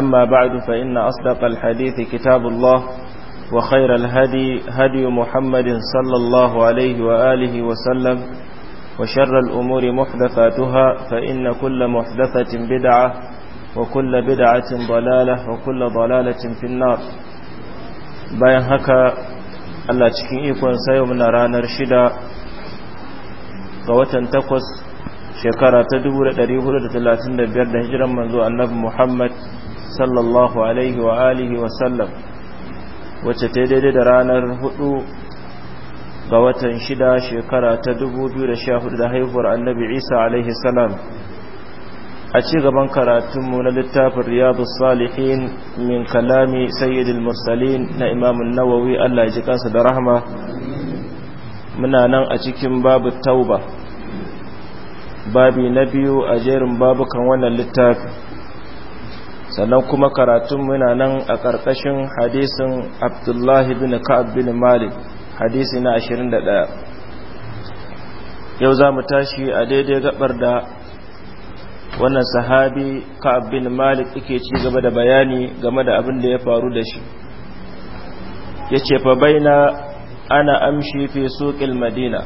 أما بعد فإن أصدق الحديث كتاب الله وخير الهدي هدي محمد صلى الله عليه وآله وسلم وشر الأمور محدثاتها فإن كل محدثة بدعة وكل بدعة ضلالة وكل ضلالة في النار bayan haka Allah cikin ikon sayo muna ranar shida ga watan takwas shekara ta 1435 da hijiran manzo annabi Muhammad sallallahu alaihi wa alihi wa sallam wacce ta daidai da ranar huɗu ga watan shida shekara ta 2014 da haihuwar annabi isa alaihi salam a ci gaban karatunmu na littafin riyadu salihin min kalami sayyidul mursalin na imamun nawawi allah ji kansa da rahama muna nan a cikin babu tauba babi na biyu a jerin babukan wannan littafi sannan kuma karatun muna nan a ƙarƙashin hadisin abdullahi bin ka'ab bin malik hadisi na 21 yau za mu tashi a daidai gabar da wannan sahabi ka'ab bin malik yake ci gaba da bayani game da abin da ya faru da shi ya ce fa baina ana amshi fi suƙil madina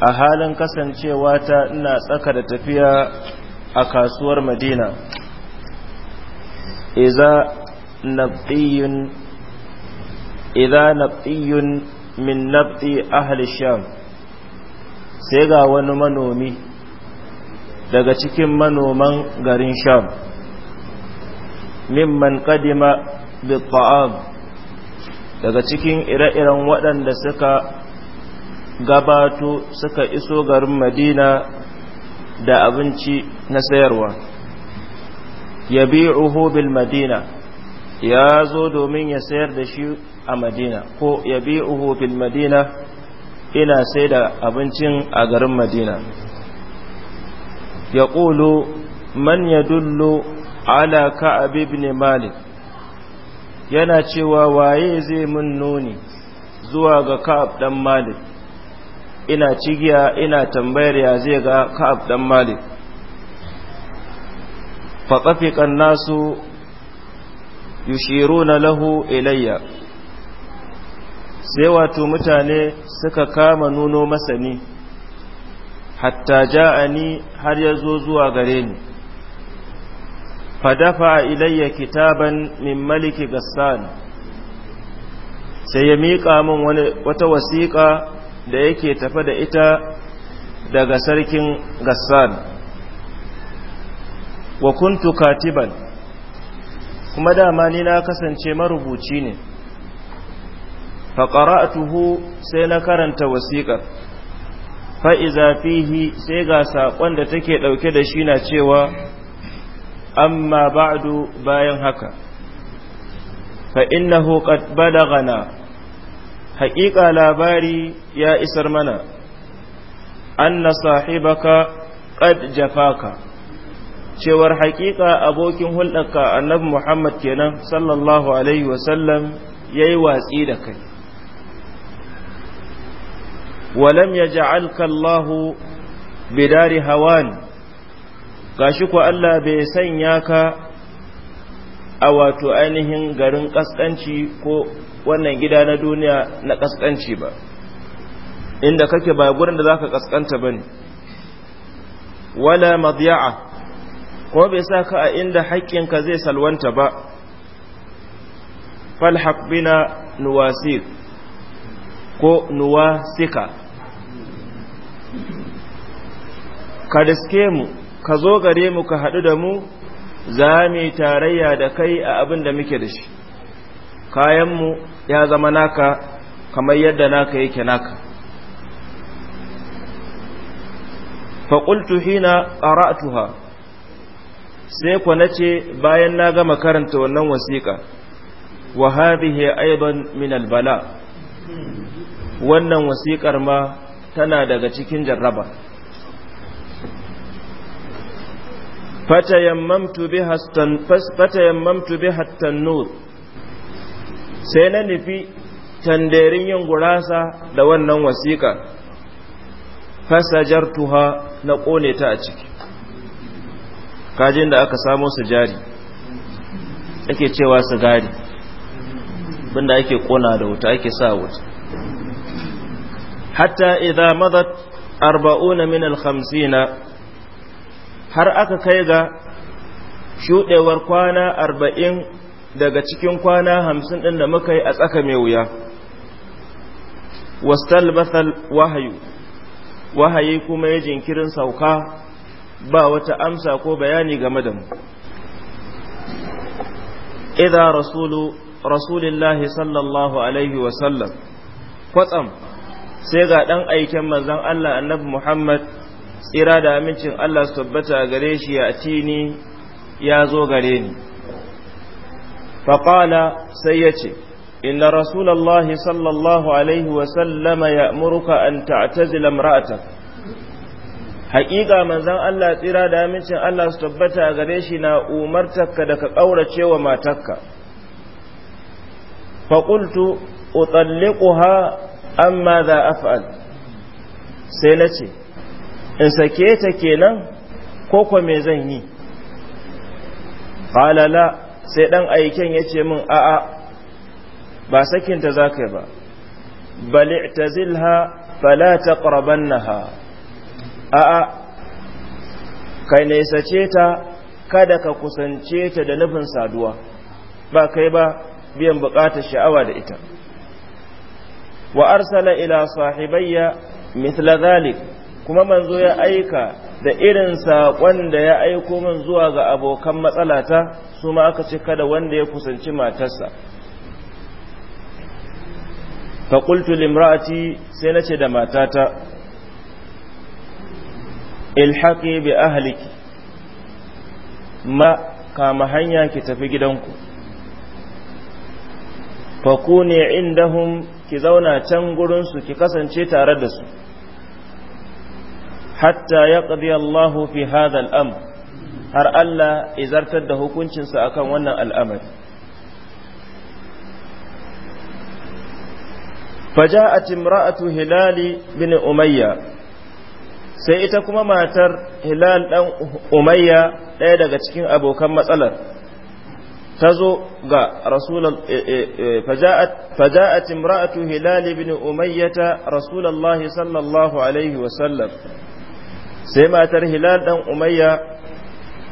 a halin kasancewa ta ina tsaka da tafiya a kasuwar madina Iza نبطي إذا نبطي من نبطي أهل الشام سيغا ونمنومي daga cikin manoman garin sham mimman kadima bi ta'am daga cikin ire-iren waɗanda suka gabato suka iso garin madina da abinci na sayarwa yabi'uhu bil madina ya zo domin ya sayar da shi a madina ko yabi'uhu bil madina ina sai da abincin a garin madina ya ƙulu man ya dullo ala ka'ab ibn malik yana cewa waye zai mun nuni zuwa ga ka'ab dan malik ina cigiya ina tambayar ya zai ga ka'ab dan malik فطفق الناس na lahu ilayya sai wato mutane suka kama nuno masani hatta ja'ani har ya zo zuwa gare ni fadafa ilayya kitaban min maliki gassan sai ya miƙa min wata wasiƙa da yake tafa da ita daga sarkin gasar. wa kuntu katiban kuma dama ni na kasance marubuci ne faƙara'atuhu sai na karanta wasiƙar fa'iza fihi sai ga saƙon da take ɗauke da shi na cewa amma ba'du bayan haka fa'innahu qad gana. haƙiƙa labari ya isar mana An anna sahibaka qad jafaka cewar haƙiƙa abokin hulɗarka annabi Muhammad kenan sallallahu alaihi wasallam ya yi watsi da kai walam ya ja'alka Allahu bidari hawan gashi ku Allah bai sanya ka a wato ainihin garin ƙasƙanci ko wannan gida na duniya na ƙasƙanci ba inda kake ba gurin da za ka ƙasƙanta ba wala madiya'a ko bai sa ka a inda haƙƙinka zai salwanta ba falhaq bina nuwasir ko nuwasika ka daske mu ka zo gare mu ka haɗu da mu za mu tarayya da kai a abin da muke da shi kayanmu ya zama naka kamar yadda naka yake naka faƙultu hina ƙara'atuha sai ku ce bayan na gama karanta wannan wasiƙa wa hadhihi aidan min albala wannan wasiƙar ma tana daga cikin jarraba fatayammamtu biha biha sai na nufi tanderin yin gurasa da wannan wasiƙa fasajartuha na ƙone ta a ciki kajin da aka samo su jari ake cewa su gari binda ake kona da wuta ake sa wuta hatta idza madat arba'una min al har aka kai ga shudewar kwana arba'in daga cikin kwana hamsin ɗin da muka yi a tsaka mai wuya wastal bathal wahayu wahayi kuma ya jinkirin sauka ba wata amsa ko bayani game da mu idza rasulu rasulillahi sallallahu alaihi wa sallam kwatsam sai ga dan aiken manzon Allah annabi Muhammad tsira da amincin Allah su tabbata gare shi ya tini ya zo gare ni faqala sai yace inna rasulullahi sallallahu alaihi wa sallama ya'muruka an ta'tazila imra'atak haƙiƙa manzon Allah tsira da amincin Allah su tabbata gare shi na umartarka da ka ƙaurace wa matarka faƙultu ha amma za fa’al sai na ce in sake ta kenan ko ko me zan yi falala sai ɗan aiken ya ce min a'a ba sakinta za ka yi ba ta zilha fala ta ha. a'a kai naisace ta kada ka kusance ta da nufin saduwa ba kai ba biyan buƙatar sha'awa da ita wa arsala ila sahibayya mithla zalik kuma manzo ya aika da irin saƙon da ya aiko min zuwa ga abokan matsalata su ma aka ce kada wanda ya kusanci matarsa qultu limra'ati sai nace da matata ilhaƙi bi ahliki ma kama hanya ki tafi gidanku fakuni indahum ki zauna can gurinsu ki kasance tare da su hatta ya Allahu fi haɗa al'am har Allah izartar da hukuncinsa akan wannan al'amari فجاءت امرأة هلال بن أمية sai ita kuma matar hilal ɗan umayya ɗaya daga cikin abokan matsalar ta zo ga rasulun eh, eh, eh, faja'at imra'atu hilal ibn umayyata rasulullahi sallallahu alaihi wasallam sai matar hilal ɗan umayya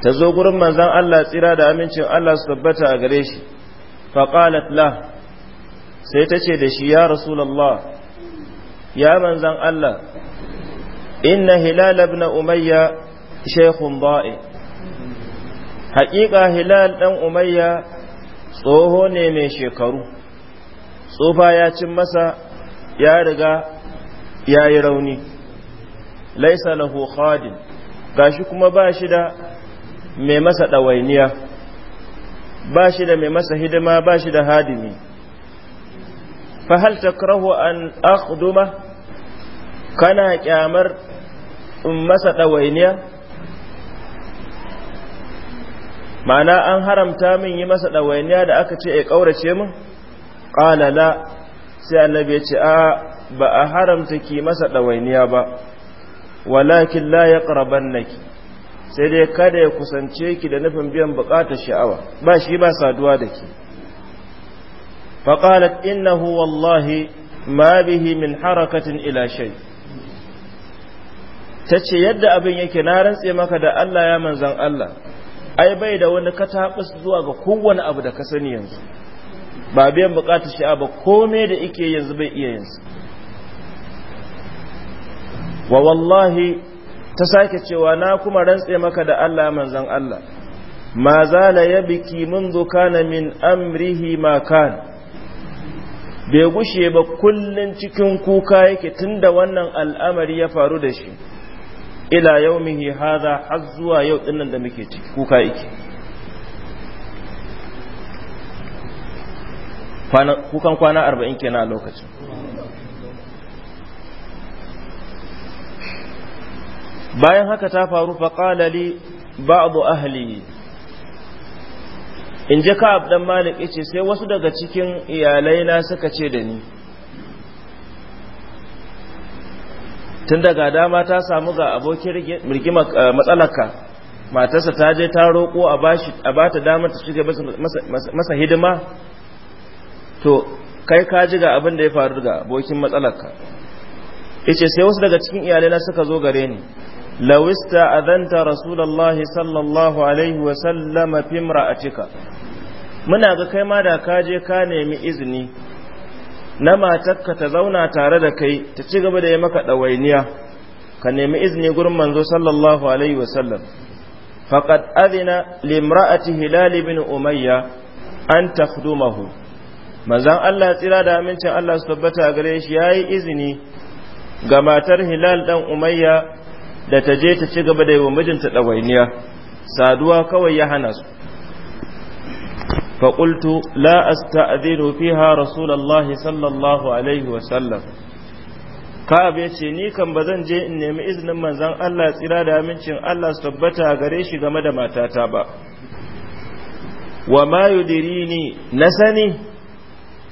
ta zo gurin manzan Allah tsira da amincin Allah su tabbata a gare shi faƙalat la sai ta ce da shi ya rasulallah ya manzan Allah inna hilal ibn umayya shaykhun ba'e haƙiƙa hilal ɗan umayya tsoho ne mai shekaru tsufa ya cin masa ya riga ya yi rauni laisa lahu gashi kuma ba shi da mai masa ɗawainiya ba shi da mai masa hidima ba shi da hadimi fahal takrahu an akhduma kana kyamar in masa ɗawainiya ma'ana an haramta min yi masa ɗawainiya da aka ce ya ƙaurace min ƙalala sai annabi ya ce a ba a haramta ki masa ɗawainiya ba walakin la ya naki sai dai kada ya kusance ki da nufin biyan buƙatar sha'awa ba shi ba saduwa da ki faƙalat innahu wallahi ma bihi min harakatin ila shai ta ce yadda abin yake na rantse maka da Allah ya manzan Allah ai bai da wani katabus zuwa ga kowane abu da ka sani yanzu ba biyan bukatar shi ba komai da ike yanzu bai iya yanzu wa wallahi ta sake cewa na kuma rantse maka da Allah ya manzan Allah ma zala ya biki mundu kana min amrihi ma kan bai gushe ba kullun cikin kuka yake tunda wannan al'amari ya faru da shi ila yaumihi hadha har zuwa yau dinnan da muke ciki kuka yake kukan kwana arba'in kenan a lokacin bayan haka ta faru faƙala li ba'du ahli in ji ka dan malik yace sai wasu daga cikin iyalaina suka ce da ni tun daga dama ta samu ga abokin rigima eh, matsalarka matarsa ta je ta roƙo a ba ta damar ta shiga masa hidima to kai ka ji ga abin da ya faru ga abokin matsalarka ce sai wasu daga cikin iyalina suka zo gare ni lawista adanta rasulullahi sallallahu alaihi wa sallama cika. muna ga kai ma da ka je ka nemi izini na matarka ta zauna tare da kai ta ci gaba da yi maka ɗawainiya ka nemi izini gurin manzo sallallahu alaihi wasallam faqad adina limra'ati hilali ibn umayya an takhdumahu manzan Allah tsira da amincin Allah su tabbata gare shi yayi izini ga matar hilal dan umayya da ta je ta ci gaba da yi wa mijinta ɗawainiya saduwa kawai ya hana su فقلت لا أستأذن فيها رسول الله صلى الله عليه وسلم Ka'ab ya ce, Ni kan ba zan je in nemi izinin manzan Allah tsira da amincin Allah su tabbata gare shi game da matata ba. Wa ma ni na sani,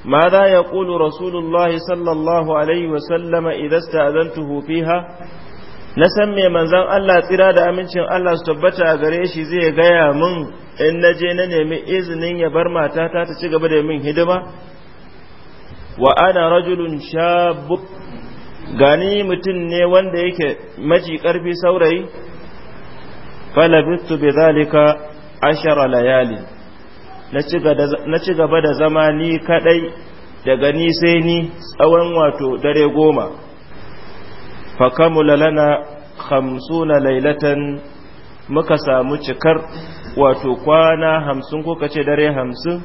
Maza ya ƙulu Rasulullahi sallallahu Alaihi wasallama idan sta'azantuhu fiha na san mai manzan Allah tsira da amincin Allah su tabbata a gare shi zai gaya mun in na je na nemi izinin ya bar matata ta ci gaba da min hidima wa ana rajulun shabuk gani mutum ne wanda yake maji karfi saurayi falabistu bi zalika ashara layali na ci gaba da zama ni kadai daga ni sai ni tsawon wato dare goma fa kamula lana khamsuna lailatan muka samu cikar wato kwana hamsin ko kace dare hamsin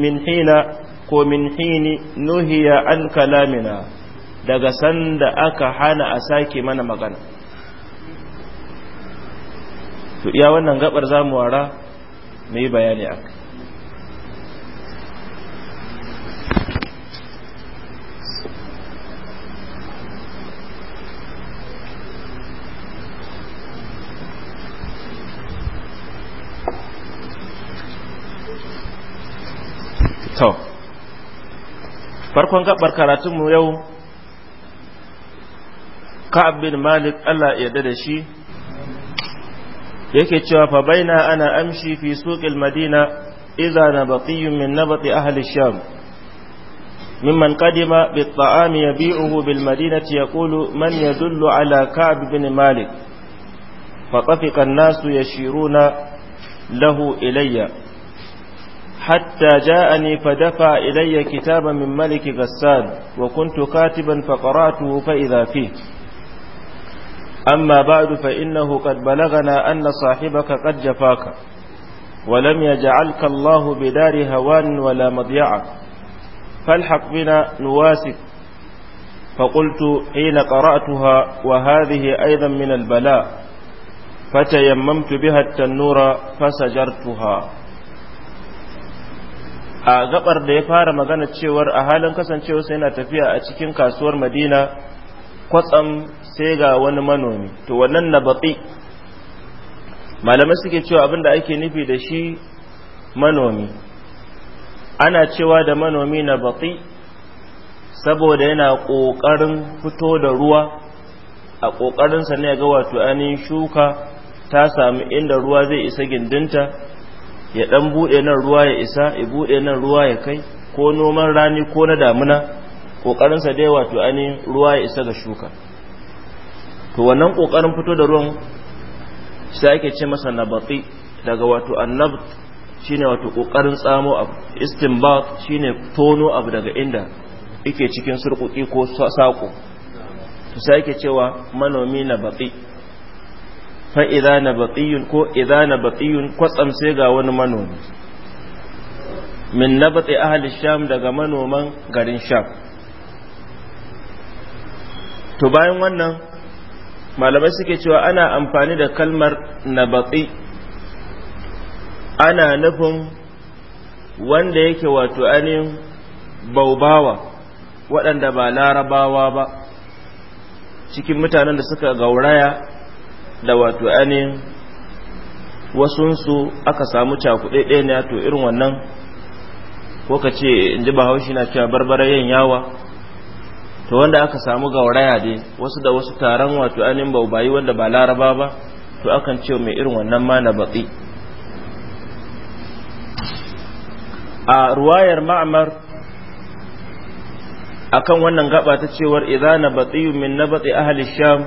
min hina ko min hini nuhiya an kalamina daga sanda aka hana a sake mana magana to iya wannan gabar zamu wara mu yi bayani akai To, farkon gabar karatunmu yau, Ka'ab bin Malik Allah yarda da shi, yake cewa fa baina ana amshi fi suqil madina idza nabatiyyu min nabati ahli sham mimman qadima bi ta'ami yabi'uhu bil madinati yaqulu man yadullu ala ka'ab bin malik fa tafiqa an-nasu yashiruna lahu ilayya حتى جاءني فدفع إلي كتابا من ملك غسان وكنت كاتبا فقرأته فإذا فيه أما بعد فإنه قد بلغنا أن صاحبك قد جفاك ولم يجعلك الله بدار هوان ولا مضيعة فالحق بنا نواسك فقلت حين قرأتها وهذه أيضا من البلاء فتيممت بها التنور فسجرتها a gabar da ya fara magana cewar a halin kasancewa sai yana tafiya a cikin kasuwar madina kwatsam sai ga wani manomi to wannan na baƙi. malamai suke cewa abinda ake nufi da shi manomi ana cewa da manomi na baƙi saboda yana ƙoƙarin fito da ruwa a ƙoƙarinsa ne ga wato ainihin shuka ta sami inda ruwa zai isa gindinta ya dan bude nan ruwa ya isa ya bude nan ruwa ya kai ko noman rani ko na damuna sa dai wato ani ruwa ya isa ga shuka to wannan kokarin fito da ruwan sai ake ce masa nabati daga wato annabt shine wato kokarin tsamo abu istinbat shine tono abu daga inda yake cikin surkuki ko sako to sai ake cewa manomi nabati fa idza nabatiyun ko idza nabatiyun kwatsam sai ga wani manomi min nabati ahli sham daga manoman garin sham to bayan wannan malamai suke cewa ana amfani da kalmar nabati ana nufin wanda yake wato ainihin baubawa waɗanda ba larabawa ba cikin mutanen da suka gauraya da wato ainihin wasunsu aka samu cakuɗe ne to irin wannan ko ka ce in ji bahaushe na cewa barbara yin yawa to wanda aka samu gauraya dai wasu da wasu taron wato ainihin baubayi wanda ba laraba ba to akan ce mai irin wannan ma na batsi a ruwayar ma'amar akan wannan gaba ta cewar idza na batsiyu min na batsi ahli sham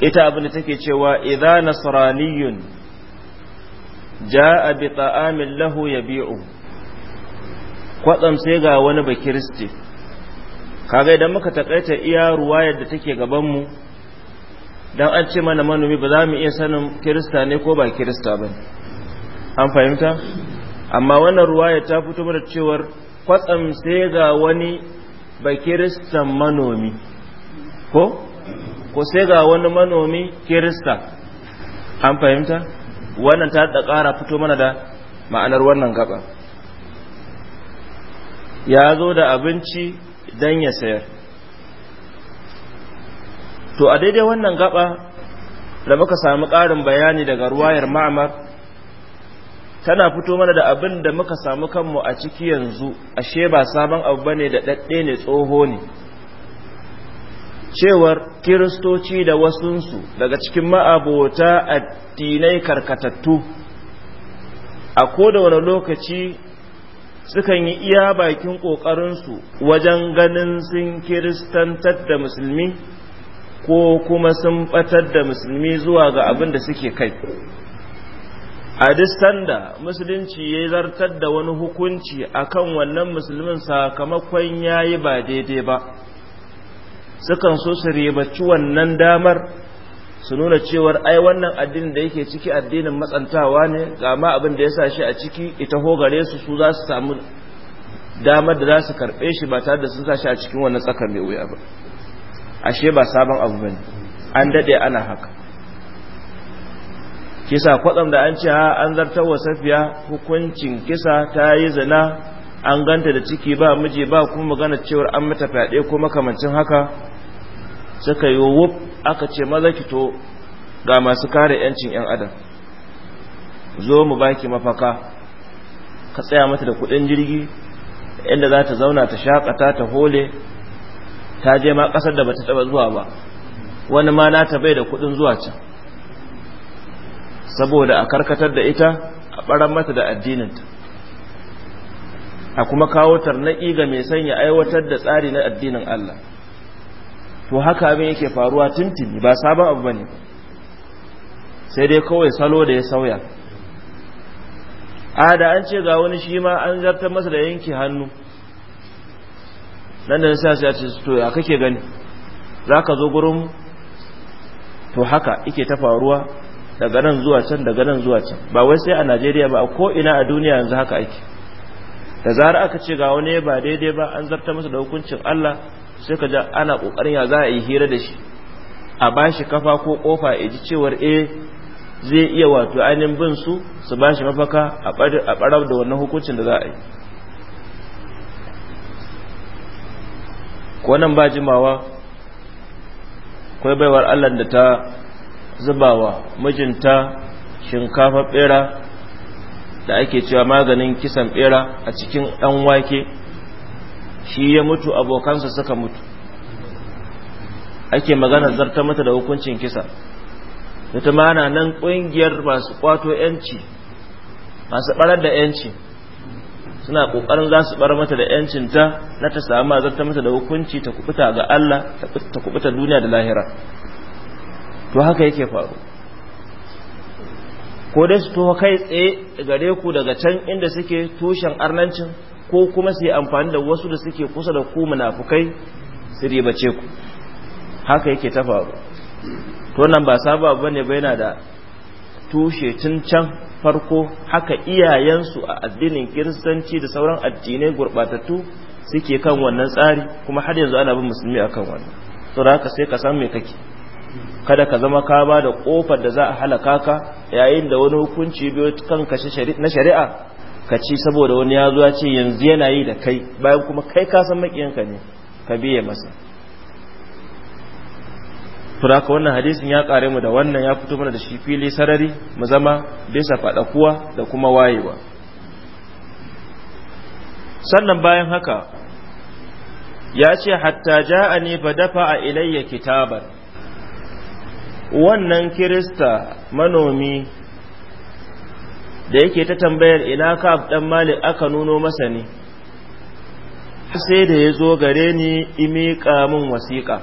ita abin da take cewa idza nasraniyun ja'a bi ta'amin lahu yabi'u kwatsam sai ga wani kristi kaga idan muka takaita iya ruwayar da take gaban mu dan an ce mana manomi ba za mu iya sanin kirista ne ko ba kirista ba an fahimta amma wannan ruwaya ta fito mana cewar kwatsam sai ga wani ba kiristan manomi ko ko sai ga wani manomi kirista an fahimta wannan ta da ƙara fito mana da ma'anar wannan gaba ya zo da abinci don ya sayar to a daidai wannan gaba da muka samu ƙarin bayani daga ruwayar ma'amar tana fito mana da abin da muka samu kanmu a ciki yanzu ashe ba sabon abu bane da ɗaɗɗe ne tsoho ne cewar kiristoci da wasunsu daga cikin ma'abota addinai karkatattu a koda wani lokaci sukan yi iya bakin ƙoƙarinsu wajen ganin sun kiristantar da musulmi ko kuma sun batar da musulmi zuwa ga abin da suke kai a duk sanda musulunci ya zartar da wani hukunci akan wannan musulmin sakamakon ya yi ba daidai ba sukan so su ribaci wannan damar su nuna cewar ai wannan addinin da yake ciki addinin matsantawa ne ga ma abin da ya sa shi a ciki ita ho gare su su za su samu damar da za su karɓe shi ba tare da sun sa shi a cikin wannan tsaka mai wuya ba ashe ba sabon abu ba ne. an dade ana haka kisa kwatsam da an ce ha an zartar wa safiya hukuncin kisa ta yi zina an ganta da ciki ba miji ba kuma magana cewar an mata fyaɗe ko makamancin haka suka yi wuf aka ce maza ki to ga masu kare 'yancin 'yan adam zo mu baki mafaka ka tsaya mata da kuɗin jirgi inda za ta zauna ta shakata ta hole ta je ma kasar da bata taba zuwa ba wani ma na ta bai da kuɗin zuwa can saboda a karkatar da ita a ɓarar mata da addininta a kuma kawo tarnaki ga mai sanya aiwatar da tsari na addinin Allah to haka abin yake faruwa tuntuni ba sabon abu ba ne sai dai kawai salo da ya sauya a da an ce ga wani shi ma an zartar masa da yanke hannu nan da na sa ya ce to ya kake gani za ka zo gurin to haka ike ta faruwa daga nan zuwa can daga nan zuwa can ba wai sai a najeriya ba ko ina a duniya yanzu haka ake da zara aka ce ga wani ba daidai ba an zarta masa da hukuncin Allah sai ka ja ana kokarin ya za a yi hira da shi a bashi kafa ko kofa ya ji cewar eh zai iya wato ainihin bin su su bashi mafaka a barab da wannan hukuncin da za a yi ko nan ba jimawa kwai baiwar Allah da ta zubawa mijinta shinkafa bera da ake cewa maganin kisan bera a cikin ɗan wake shi ya mutu abokansa suka mutu ake magana zarta mata da hukuncin kisa da ta mana nan ƙungiyar masu kwato yanci masu barar da yanci suna ƙoƙarin za su bar mata da yancinta na ta samu zarta mata da hukunci ta kubuta ga Allah ta kubuta duniya da lahira to haka yake faru ko dai su tuho kai tsaye gare ku daga can inda suke tushen arnancin ko kuma su yi amfani da wasu da suke kusa da ku munafukai su ribace ku haka yake ta faru to nan ba saba bane ba yana da tushe tun can farko haka iyayensu a addinin kiristanci da sauran addinai gurbatattu suke kan wannan tsari kuma har yanzu ana bin musulmi akan wannan to haka sai ka san me kake kada ka zama ka ba da kofar da za a halaka ka yayin da wani hukunci biyo kan kashe na shari'a ka ci saboda wani ya zuwa ce yanzu yana yi da kai bayan kuma kai ka san makiyanka ne ka biye masa tura wannan hadisin ya kare mu da wannan ya fito mana da shi fili sarari mu zama bisa kuwa da kuma wayewa sannan bayan haka ya ce hatta ja'ani fa dafa a ilayya kitabar wannan kirista manomi da yake ta tambayar ina kaf dan mali aka nuno masa ne sai da ya zo gare ni imiƙa min wasiƙa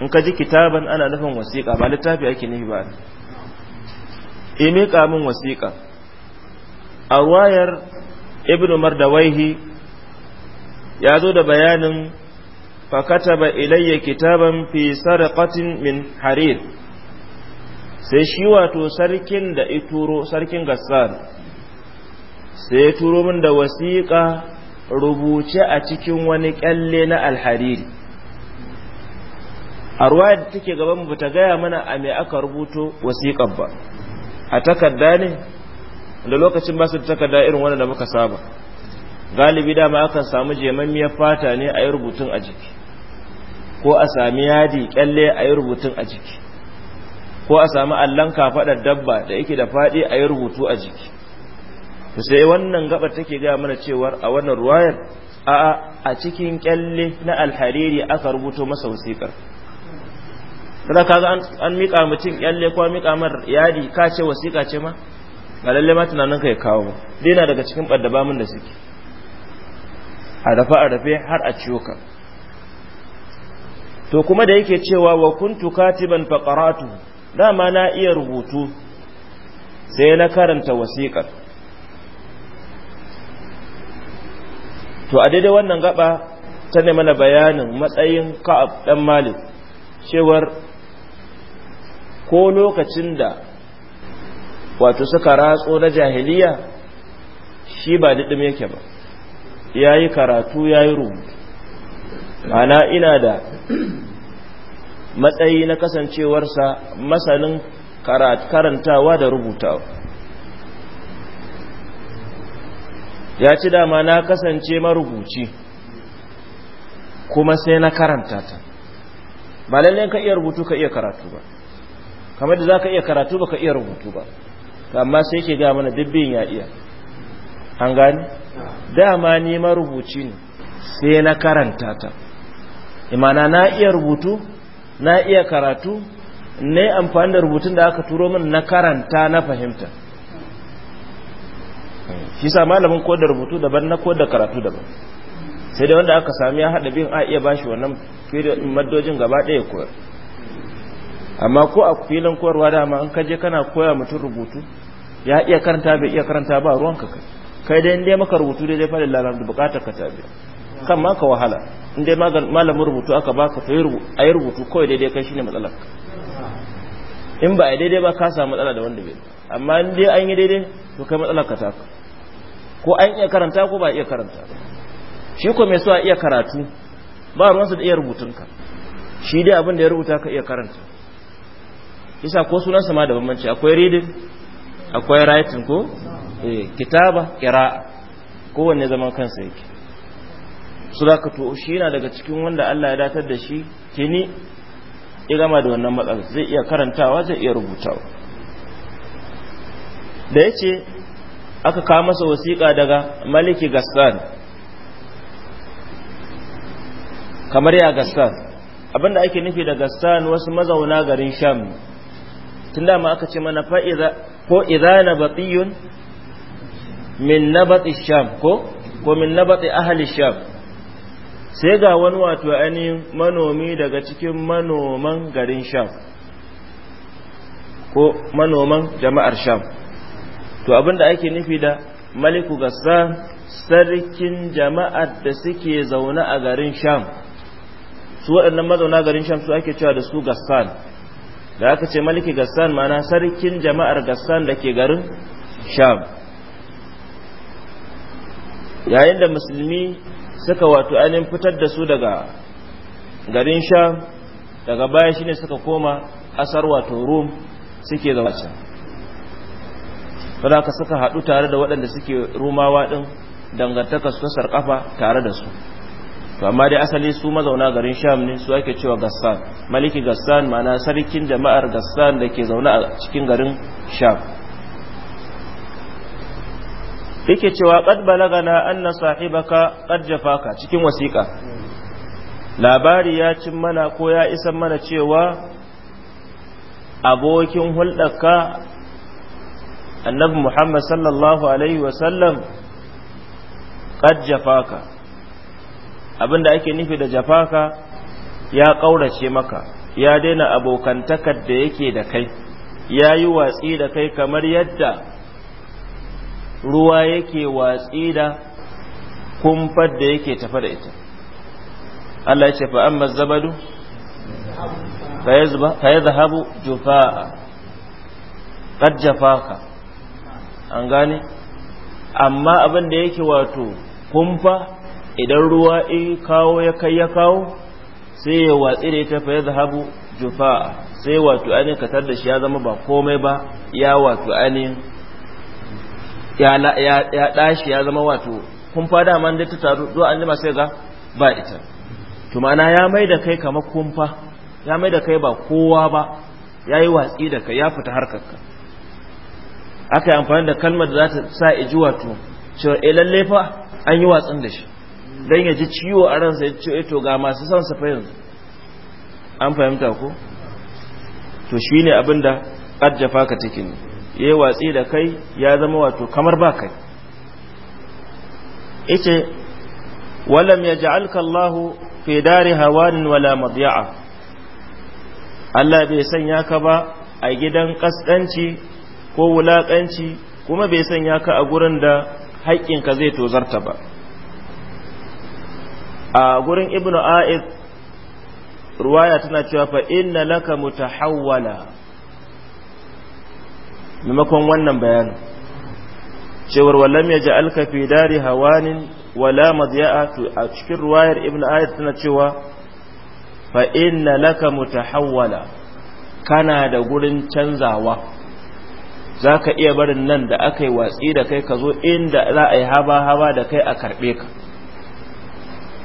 in ka ji kitaban ana nufin wasiƙa ba littafi ake nufi ba imiƙa min wasiƙa a wayar ibn mardawaihi ya zo da bayanin fakataba ilayya kitaban fi sarqatin min harir sai shi wato sarkin da ituro sarkin gassar sai ya turo min da wasiƙa rubuce a cikin wani ƙyalle na alhariri a ruwa da take gaban mu ta gaya mana a me aka rubuto wasiƙar ba a takarda ne da lokacin basu da takarda irin wani da muka saba galibi dama akan samu jemammiyar fata ne a yi rubutun a jiki ko a sami yadi ƙyalle a yi rubutun a jiki ko a sami allon kafaɗar dabba da yake da faɗi a yi rubutu a jiki sai wannan gabar take gaya mana cewar a wannan ruwayar a a cikin kyalle na alhariri aka rubuto masa wasiƙar kada ka ga an miƙa mutum kyalle ko miƙa mar yadi ka ce wasiƙa ce ma ga lalle ma tunanin ka ya kawo dai na daga cikin ɓaddaba mun da suke a dafa a rafe har a ciwo ka to kuma da yake cewa wa kuntu katiban faqaratu dama na iya rubutu sai na karanta wasiƙar to a daidai wannan gaba ta ne mana bayanin matsayin ka'ab ɗan malik cewar ko lokacin da wato suka ratso na jahiliya shi ba diɗin yake ba ya yi karatu ya yi rubutu ma'ana ina da matsayi na kasancewarsa masanin karantawa da rubutawa ya ci dama na kasance marubuci kuma sai na karanta ta ba lallai ka iya rubutu ka iya karatu ba kamar da za ka iya karatu ba ka iya rubutu ba amma sai ke ga mana dubbin ya iya an gani dama ne marubuci ne sai na karanta ta imana na iya rubutu na iya karatu ne amfani da rubutun da aka turo min na karanta na fahimta shi sa malamin ko da rubutu daban na ko da karatu daban sai da wanda aka sami ya haɗa bin a iya bashi wannan maddojin gaba ɗaya koyar amma ko a filin koyarwa dama an kaje kana koya mutum rubutu ya iya karanta bai iya karanta ba ruwan kai kai dai inda maka rubutu dai dai fadin lalata bukatar ka biya. kan ma ka wahala in dai malamin rubutu aka baka to a yi rubutu kawai daidai kai shine matsalar in ba a daidai ba ka samu matsala da wanda bai amma in dai an yi daidai to kai matsalar ka taka ko an iya karanta ko ba iya karanta shi ko mai so a iya karatu ba ruwansa da iya rubutunka shi dai abin da ya rubuta ka iya karanta isa ko sunansa ma da bambanci akwai reading akwai writing ko eh, kitaba kira'a kowanne zaman kansa yake su za ka to yana daga cikin wanda Allah ya datar da shi kini ya gama da wannan matsala zai iya karantawa zai iya rubutawa da ya ce aka kawo masa wasiƙa daga maliki gassan kamar ya gassan abinda ake nufi da gassan wasu mazauna garin sham tun dama aka ce mana fa'iza ko idana batiyun min nabati sham ko ko min nabati ahli sham sai ga wani wato ainihin manomi daga cikin manoman garin sham ko manoman jama'ar sham to abinda ake nufi da maliku gasa sarkin jama'ar da suke zauna a garin sham su waɗannan mazauna garin sham su ake cewa da su gassan da aka ce maliki gassan mana sarkin jama'ar gassan da ke garin sham yayin da musulmi suka wato ainihin fitar da su daga garin sha daga baya shine suka koma asar wato rum suke zama can suka haɗu tare da waɗanda suke rumawa ɗin dangantaka su kasar ƙafa tare da su to amma dai asali su mazauna garin sham ne su ake cewa gassan maliki gassan ma'ana sarkin jama'ar gassan da ke zaune a cikin garin sham yake cewa qad balagana anna sahibaka qad jafaka cikin wasiƙa labari ya cin mana ko ya isan mana cewa abokin hulɗarka annabi Muhammad sallallahu alaihi wasallam qad jafaka abinda ake nufi da jafaka ya ƙaurace maka ya daina abokantakar da yake da kai ya yi watsi da kai kamar yadda ruwa yake watsi da kumfar da yake tafa da ita Allah ya ce fa amma zabadu fa zahabu? jufaa kad jafaka an gane amma abin da yake wato kumfa idan ruwa in kawo ya kai ya kawo sai ya watsi da ita fa zahabu? jufaa sai wato ainihin katar da shi ya zama ba komai ba ya wato ainihin ya ya dashi ya zama wato kumfa dama da ta taru zuwa an jima sai ga ba ita to ma'ana ya mai da kai kamar kumfa ya mai da kai ba kowa ba ya yi watsi da kai ya fita harkarka aka yi amfani da kalmar da za ta sa iji wato cewa e eh, lalle fa an yi watsin da shi don ya ji ciwo a ransa ya ce eh, to ga masu son sa fa yanzu an fahimta ko to shine abin da ƙarjafa ka take ne ya yi watsi da kai ya zama wato kamar ba kai ice walam ya ji alkallahu fi dari hawanin wala madya'a Allah bai sanya ka ba a gidan kaskanci ko wulaƙanci kuma bai sanya ka a gurin da haƙƙinka zai tozarta ba a gurin ibnu a'id ruwaya tana cewa fa inna laka mutahawwala maimakon wannan bayanin cewar wallam ya ji fi dari hawanin wala madya'a a cikin ruwayar ibn ayat tana cewa fa inna laka mutahawwala kana da gurin canzawa zaka iya barin nan da akai watsi da kai ka zo inda za a yi haba haba da kai a karɓe ka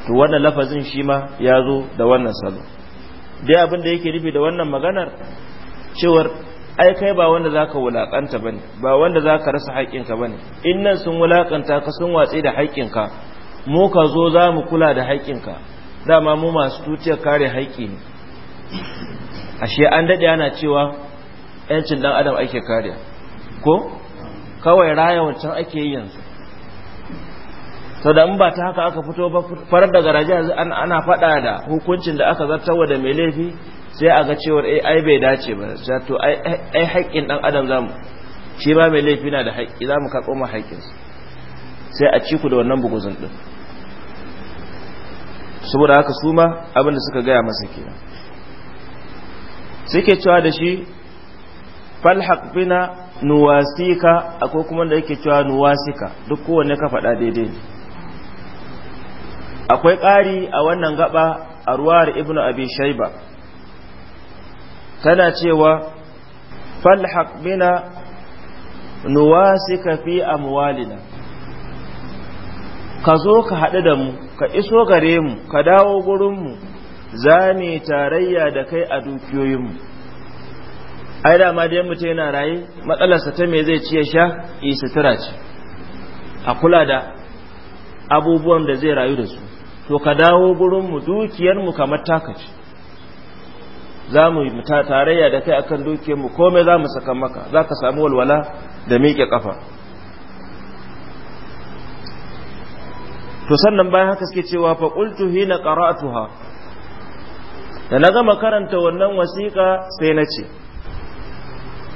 to wannan lafazin shi ma ya zo da wannan salo dai abin da yake nufi da wannan maganar cewar ai kai ba wanda zaka wulakanta bane ba wanda zaka rasa haƙƙinka bane in nan sun wulakanta ka sun watsi da haƙƙinka mu ka zo za mu kula da hakinka dama mu masu tutiyar kare haƙƙi ne ashe an daɗe ana cewa yancin dan adam ake kariya ko kawai raya wancan ake yi yanzu sau da ba ta haka aka fito farar da garaje ana faɗa da hukuncin da aka zartarwa da mai laifi sai a ga cewar ai eh, ai bai dace ba za to ai ai haƙƙin dan adam zamu shi ba mai laifi na da haƙƙi zamu ka koma haƙƙinsu sai a ci ku da wannan buguzun din saboda haka su ma abin da suka gaya masa kenan suke cewa da shi falhaq bina nuwasika akwai kuma da yake cewa nuwasika duk kowanne ka faɗa daidai ne akwai ƙari a wannan gaba a ruwar ibnu abi shaiba tana cewa falhaq bina nuwasika fi amwalina ka zo ka haɗu da mu ka iso gare mu ka dawo gurinmu za mu tarayya da kai a dukiyoyinmu ai da ma dai yana raye matsalarsa ta me zai ci ya sha isa e, sutura ce a kula da abubuwan da zai rayu da su to ka dawo gurin gurinmu dukiyarmu kamar taka ce za mu ta tarayya da kai akan dukiyar mu komai za mu saka maka za ka samu walwala da miƙe ƙafa to sannan bayan haka suke cewa fa qultu hina qara'tuha da na gama karanta wannan wasiƙa sai na ce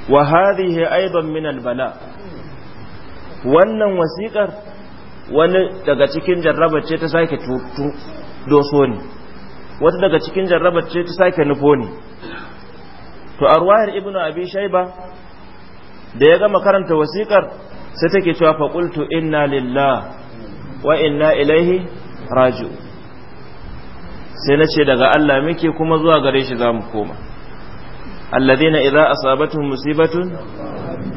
wa hadhihi aidan min albala bala wannan wasiƙar wani daga cikin jarraba ce ta sake doso ne wata daga cikin jarrabar ce ta sake nufo ne to a ruwayar ibnu abi shaiba da ya gama karanta wasiƙar sai take cewa qultu inna lillah wa inna ilaihi raji'u sai na ce daga Allah muke kuma zuwa gare shi za mu koma alladhina idza asabatuhum musibatun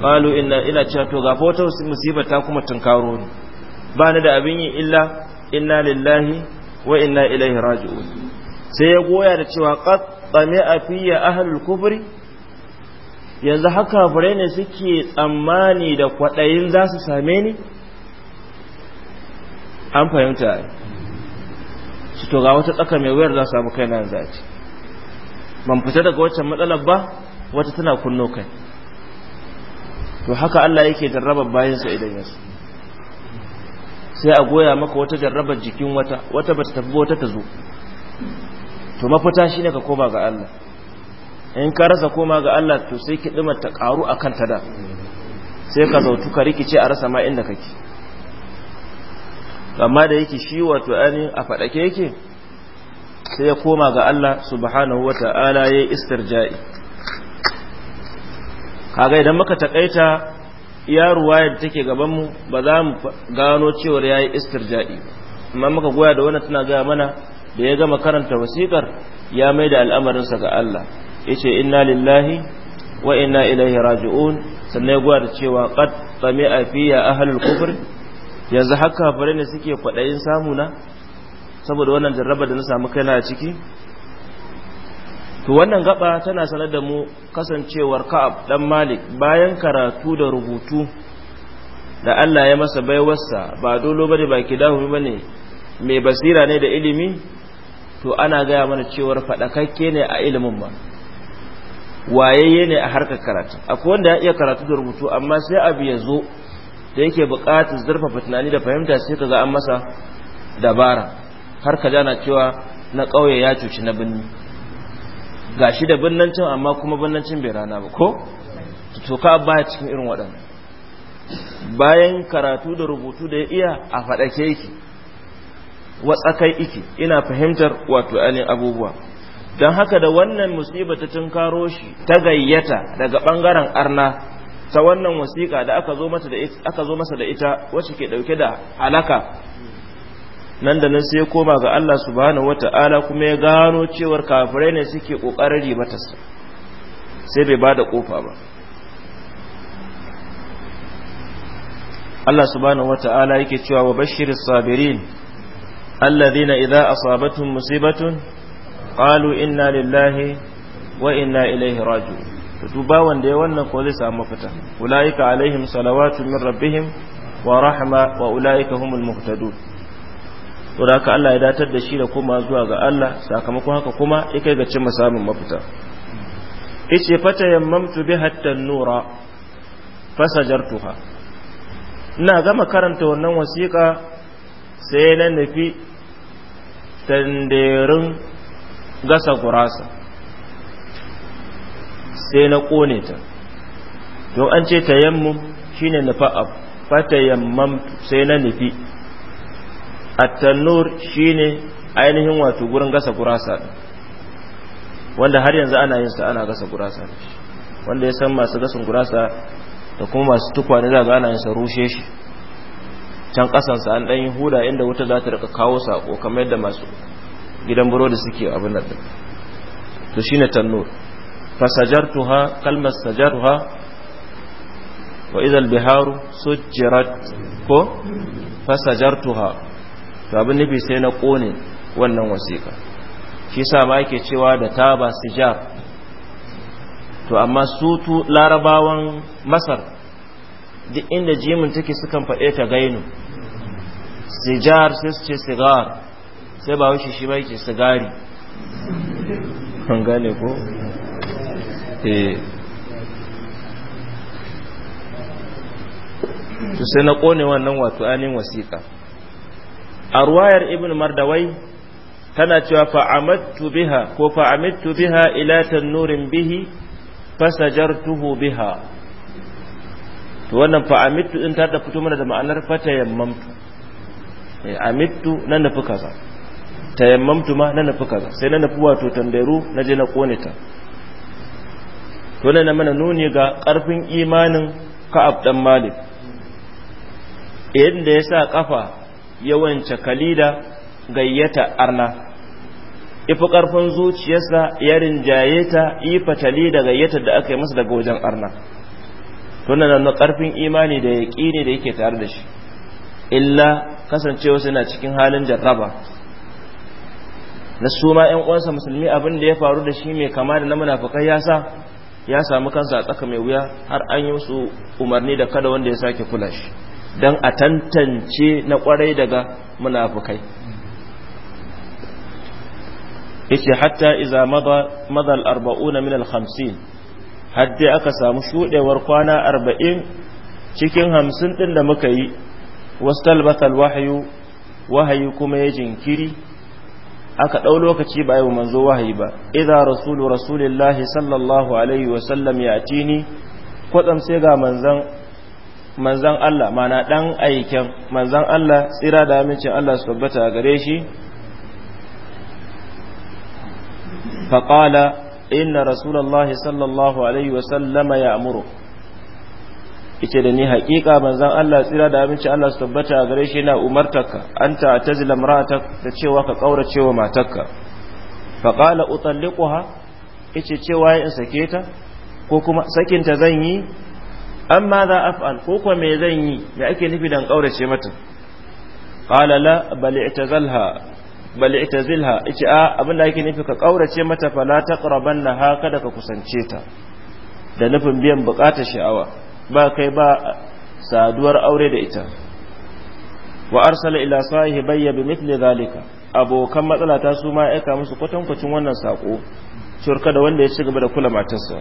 qalu inna ina cha to ga foto musibar ta kuma tunkaro ne, ba ni da abin yi illa inna lillahi wa inna ilaihi raji'un sai ya goya da cewa fiye a ahlul kufri yanzu haka fure ne suke tsammani da kwaɗayin za su same ni an fahimta su to ga wata tsaka mai wuyar za su samu kai na yanzu a ban fita daga waccan matsalar ba wata tana kunno kai to haka Allah yake jarraba bayansa idan yasu sai a goya maka wata jarrabar jikin wata wata bata tafi wata ta zo to mafita ne ka koma ga Allah in ka rasa koma ga Allah to sai ki dima ta karu akan ta da sai ka zautu ka rikice a rasa ma inda kake amma da yake shi wato ani a fadake yake sai ya koma ga Allah subhanahu wata'ala yayi istirja'i kaga idan muka takaita ruwaya da take gaban mu ba za mu gano cewa yayi istirja'i amma muka goya da wannan tana gaya mana da ya gama karanta wasikar ya mai da al'amarinsa ga Allah ya ce inna lillahi wa inna ilaihi raji'un sannan ya gwada cewa qad tami'a fiya ahlul kufr yanzu haka fare ne suke kwadayin samu na saboda wannan jarraba da na samu kaina a ciki to wannan gaba tana sanar da mu kasancewar Ka'ab dan Malik bayan karatu da rubutu da Allah ya masa baiwarsa ba dolo bane ba kidahu bane mai basira ne da ilimi to ana gaya mana cewar faɗakakke ne a ilimin ma wayayye ne a harkar karatu akwai wanda ya iya karatu da rubutu amma sai abu ya zo da yake buƙatar zurfafa tunani da fahimta sai ka ga an masa dabara har ka jana cewa na ƙauye ya cuci na binni gashi da binnancin amma kuma binnancin bai rana ba ko to ka baya cikin irin waɗannan bayan karatu da rubutu da ya iya a faɗake yake watsakai iki ina fahimtar wato ainihin abubuwa don haka da wannan musiba ta tunkaro shi ta gayyata daga bangaren arna ta wannan wasiƙa da aka zo masa da ita wacce ke ɗauke da halaka nan da nan sai koma ga Allah subhanahu wata'ala kuma ya gano cewar kafirai ne suke ƙoƙarin sa sai bai bada kofa ba Allah subhanahu wata'ala yake cewa wa bashirin sabirin الذين إذا أصابتهم مصيبة قالوا إنا inna وإنا إليه راجعون tuba wanda ya wannan ko zai samu fita ulaika alaihim salawatu min rabbihim wa rahma wa ulaika humul muhtadun to Allah ya datar da shi da kuma zuwa ga Allah sakamakon haka kuma ya ga cimma samun mafita ice fata yammamtu bi hatta nura fasajartuha ina gama karanta wannan wasiƙa sai na nufi tanderin gasa gurasa sai na ƙone ta to an ce tayammum shine nufa abu fatayammam sai na nufi a tanur shine ainihin wato gurin gasa gurasa wanda har yanzu ana yin sa ana gasa gurasa wanda ya san masu gasa gurasa da kuma masu tukwane za ga ana yin sa rushe shi can kasansa an ɗanyi huda inda wuta za ta rika kawo sako kamar yadda masu gidan burodi suke abin nan to shine tannur fasajartuha kalmar sajarha wa idal biharu sujjirat ko fasajartuha to abin nufi sai na kone wannan wasiƙa shi sa ma yake cewa da taba sijar to amma sutu larabawan masar duk inda jimin take sukan faɗe ta gainu sijar sai su ce sigar sai ba wuce shi bai ce sigari an gane ko su eh. sai na kone wannan wato anin wasiƙa a ruwayar ibn mardawai tana cewa fa'amattu biha ko fa'amittu biha ilatan nurin bihi fasajartuhu biha to wannan fa'amittu in ta da fito mana da ma'anar fata yammamtu Eh, amittu na nufi kaza tayammamtu ma na nufi kaza sai na nufi wato tandaru na je na kone ta to na mana nuni ga karfin imanin ka'ab dan malik yadda ya sa kafa yawance kalida gayyata arna ifi karfin zuciyarsa ya rinjaye ta fatali da gayyatar da aka yi masa daga wajen arna tunan na karfin imani da ne da yake tare da shi illa kasancewa suna cikin halin jarraba na suma yan uwansa musulmi abin da ya faru da shi mai kama da na munafikai ya sa ya samu kansa a tsaka mai wuya har an yi su umarni da kada wanda ya sake kula shi don a tantance na kwarai daga munafikai yace hatta iza madha madha al-40 min al-50 aka samu shuɗewar kwana 40 cikin 50 din da muka yi wastalbata alwahyu wahayi kuma ya jinkiri aka ɗau lokaci ba yau manzo wahayi ba idza rasulu rasulillahi sallallahu alaihi wa sallam yatini kwatsam sai ga manzan manzan Allah mana dan aiken manzan Allah tsira da amincin Allah su tabbata gare shi faqala inna rasulullahi sallallahu alaihi wa sallama ya'muru yace da ni haƙiƙa manzon Allah tsira da aminci Allah su tabbata a gare shi yana umartarka anta tazila imra'atak ta cewa ka kaura cewa matarka fa qala utalliquha yace cewa in sake ta ko kuma sakin ta zan yi amma za af'al ko kuma me zan yi ya ake nufi dan ce mata qala la bal i'tazalha bal i'tazilha yace a abin da nufi ka ce mata fala taqrabanna ha kada ka kusance ta da nufin biyan bukatar sha'awa ba kai ba saduwar aure da ita wa arsala ila bayya bi mithli zalika abokan matsala ta su ma aika musu kwatankwacin wannan sako shirka da wanda ya ci gaba da kula matarsa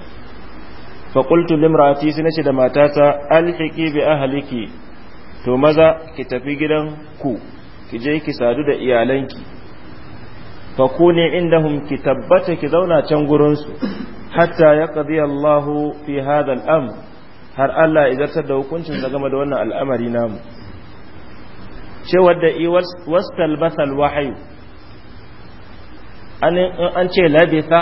fa qultu limrati sai da matata alhiqi bi ahliki to maza ki tafi gidan ku ki je ki sadu da iyalanki fa kuni indahum ki tabbata ki zauna can gurin su hatta yaqdi Allahu fi hadha al-amr har Allah ya zartar da hukuncin sa game da wannan al'amari namu ce da i wastal basal wahayu an ce labisa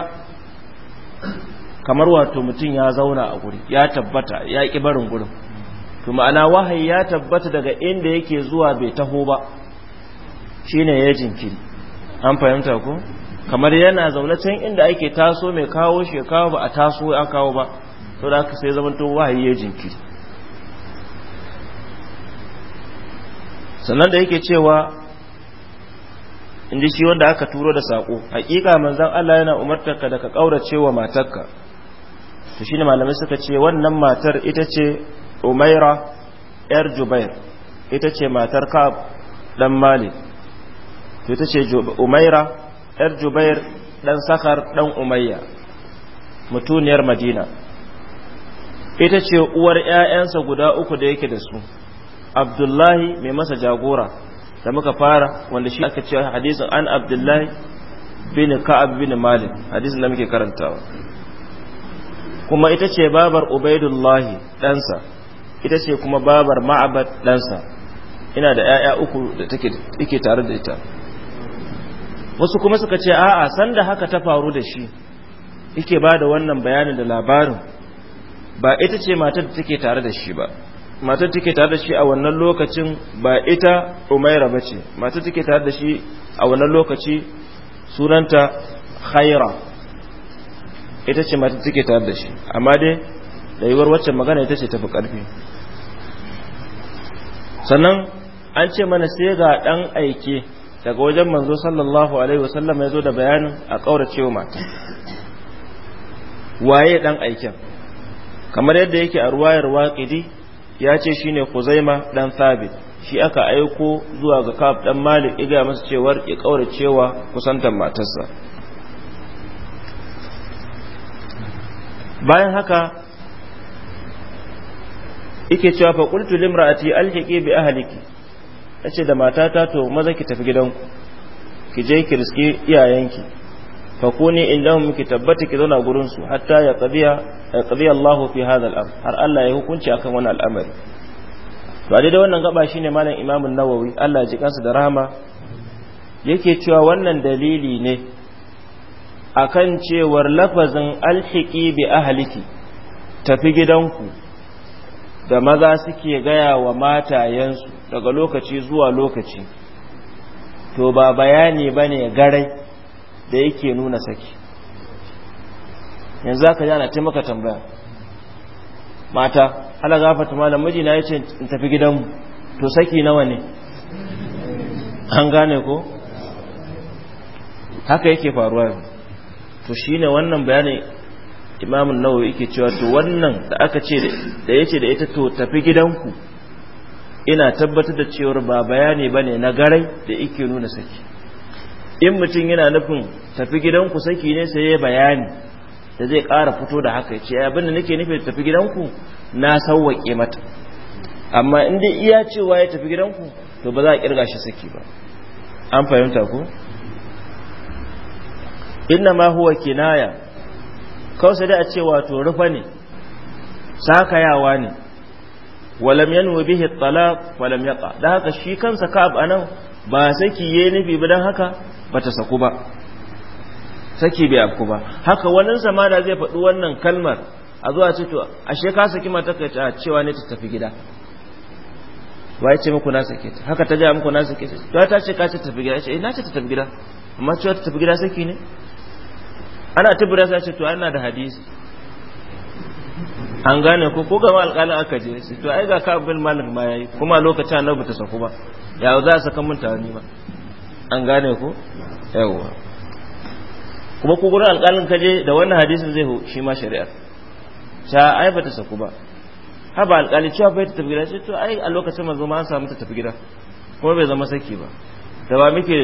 kamar wato mutum ya zauna a guri ya tabbata ya ki barin gurin to ma'ana wahayi ya tabbata daga inda yake zuwa bai taho ba shine ya jinkiri an fahimta ko kamar yana zaune can inda ake taso mai kawo shi ba a taso an kawo ba to da haka sai zaman to wahayi ya jinki sannan da yake cewa in shi wanda aka turo da saƙo haƙiƙa manzan Allah yana umartarka da ka ƙaurace wa matarka to shine malamai suka ce wannan matar ita ce umaira yar jubair ita ce matar ka dan malik to ita ce umaira yar jubair dan sakar dan umayya mutuniyar madina ita ce uwar ‘ya'yansa guda uku da yake da su abdullahi mai masa jagora da muka fara wanda shi aka ce hadisin an abdullahi bin ka'ab bin malik hadisin da muke karantawa kuma ita ce babar ubaidullahi ɗansa ita ce kuma babar ma'abad ɗansa ina da ‘ya'ya uku da take tare da ita wasu kuma suka ce a'a sanda haka ta faru da shi yake ba da wannan bayanin da labarin ba ita ce matar da take tare da shi ba matar take tare da shi a wannan lokacin ba ita umaira ba ce matar take tare da shi a wannan lokaci sunanta khaira ita ce matar take tare da shi amma dai da waccan magana ita ce tafi karfi sannan an ce mana sai ga dan aike daga wajen manzo sallallahu alaihi wasallam ya zo da bayanin a ƙauracewa mata waye dan aiken kamar yadda yake a ruwayar waƙidi ya ce shi shine Kuzaima ɗan Thabit shi aka aiko zuwa ga kaf dan Malik iga masa cewar ya cewa kusantar matarsa bayan haka yake cewa fa qultu limra'ati alhiqi bi ahliki yace da matata to maza ki tafi gidanku ki je ki riske iyayenki fakuni indahum ki tabbata ki zauna gurin su hatta ya qadiya ya qadiya Allahu fi hadha al-amr har Allah ya hukunci akan wannan al'amari to da wannan gaba shine malam Imam nawawi Allah ya ji kansa da rahama yake cewa wannan dalili ne akan cewar lafazin alhiki bi ahliki tafi gidanku da maza suke gaya wa matayensu daga lokaci zuwa lokaci to ba bayani bane garai da yake nuna saki yanzu aka yana taimaka tambaya mata ala gafata malam mijina ya ce in tafi gidanmu to saki nawa ne an gane ko haka yake faruwa to shine wannan bayanin imamun nawawi yake cewa to wannan da aka ce da yace da ita to tafi gidanku ina tabbatar da cewar ba bayani bane na garai da yake nuna saki in mutum yana nufin tafi gidanku saki ne sai ya bayani da zai ƙara fito da haka ce abin da nake nufi tafi gidanku na sauwaƙe mata amma inda iya cewa ya tafi gidanku to ba za a kirga shi saki ba an fahimta ko inna ma huwa kinaya kawai da a ce wato rufa ne sakayawa ne walam yanwa bihi talaq walam yaqa da haka shi kansa ka'ab anan ba saki yayi nufi ba don haka ba ta saku ba saki bai afku ba haka wannan sama da zai faɗi wannan kalmar a zuwa cikin to ashe ka saki mata ka cewa ne ta tafi gida wa ya ce muku na sake ta haka ta ja muku na sake ta to ta ce ka ce tafi gida ya ce eh na ce ta tafi gida amma cewa ta tafi gida saki ne ana tubura sai ce to ana da hadisi an gane ko ko gaba alƙalin aka je su to ai ga ka abdul malik ma yayi kuma lokacin nan bata saku ba ya za a saka mun tawani ba an gane ko yawa kuma ko gurin alƙalin ka je da wannan hadisin zai shi ma shari'a ta ai ba ta saku ba haba alƙali cewa bai ta tafi gida sai to ai a lokacin manzo ma an samu ta tafi gida kuma bai zama saki ba da ba muke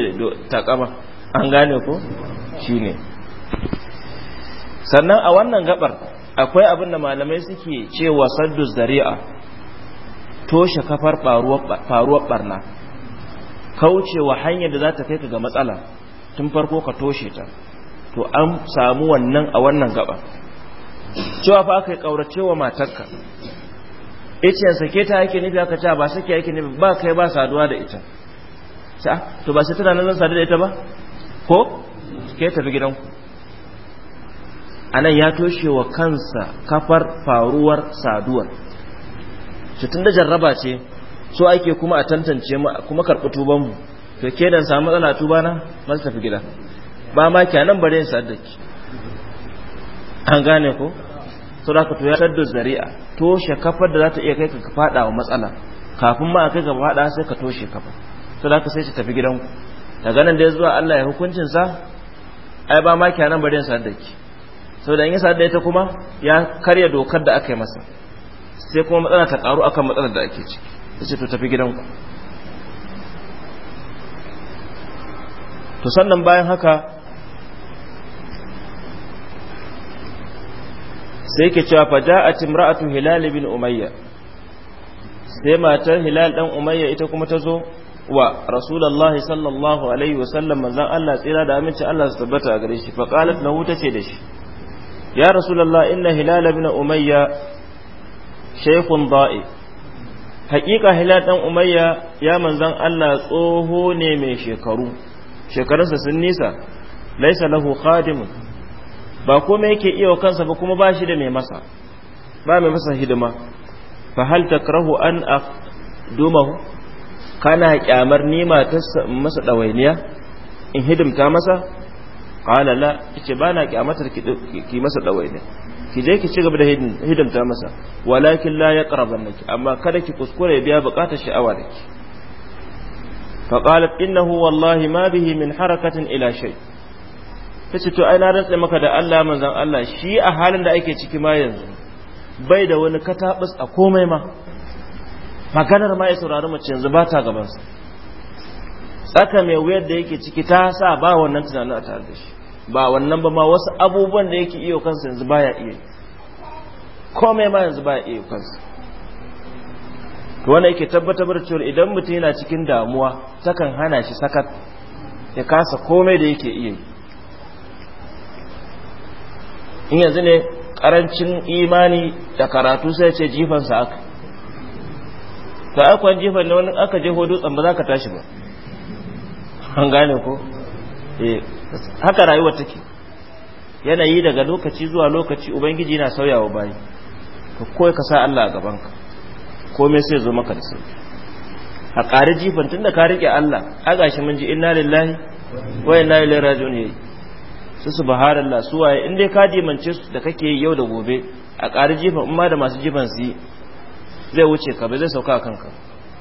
takama an gane ko shine sannan a wannan gabar akwai abin da malamai suke cewa saddu dari'a toshe kafar faruwar barna kaucewa hanyar da za ta kai ka ga matsala tun farko ka toshe ta to an samu wannan a wannan gaba cewa fa aka yi wa matarka icen sake ta yake nufi aka ce ba sake yake nufi ba kai ba saduwa da ita ah, to ba sai tana nan saduwa da ita ba ko ke tafi gidanku anan ya toshe wa kansa kafar faruwar saduwar shi tun da jarraba ce so ake kuma a tantance mu kuma karɓi tubanmu to ke dan samu matsala tuba na ba tafi gida ba ma ke nan bare da ki an gane ko to da ka to ya taddo zari'a toshe kafar da za ta iya kai ka faɗa wa matsala kafin ma a kai ka faɗa sai ka toshe kafa to da ka sai ka tafi gidanku daga nan da ya zuwa Allah ya hukuncin sa ai ba ma ke nan bare da ki sau da in ya da ita kuma ya karya dokar da aka yi masa sai kuma matsala ta karu akan matsalar da ake ciki ta ce to tafi gidanku to sannan bayan haka sai ke cewa fa ja'at imra'atu hilal ibn umayya sai matar hilal dan umayya ita kuma ta zo wa rasulullahi sallallahu alaihi wasallam manzon Allah tsira da aminci Allah su tabbata a gare shi fa na lahu tace da shi ya rasulullah inna hilal ibn umayya shaykhun da'i haƙiƙa hilal dan umayya ya manzan Allah tsoho ne mai shekaru shekarunsa sun nisa laisa lahu khadimun ba komai yake iya kansa ba kuma ba shi da mai masa ba mai masa hidima fa hal takrahu an aqdumahu kana kyamar nima ta masa dawainiya in hidimta masa qala la yace bana kyamatar ki masa dawaine ki je ki cigaba da hidimta masa walakin la annaki amma kada ki kuskure biya bukatar sha'awa da ki fa qala innahu wallahi ma bihi min harakatin ila shay tace to ai na rantsa maka da Allah manzon Allah shi a halin da ake ciki ma yanzu bai da wani katabus a komai ma maganar ma ya saurari mace yanzu ba ta gabansa tsaka mai wuyar da yake ciki ta sa ba wannan tunanin a tare da shi ba wannan ba ma wasu abubuwan da yake iyo kansa yanzu baya iya komai ma yanzu baya iya kansa to wanda yake tabbatar da cewa idan mutum yana cikin damuwa takan hana shi sakat ya kasa komai da yake iya in yanzu ne karancin imani da karatu sai ce jifansa aka ta akwai jifan ne wani aka jeho dutsen ba za ka tashi ba an gane ko eh, haka rayuwa take yanayi daga lokaci zuwa lokaci ubangiji na sauyawa bayi ka koyi ka sa Allah a gabanka komai sai zo maka da sauki a ƙari jifan tunda ka riƙe Allah a gashi mun ji inna lillahi wa inna ilaihi raji'un yayi su subhanallah su waye in dai ka dimance su da kake yi yau da gobe a ƙari jifan in ma da masu jifan su zai wuce ka ba zai sauka kanka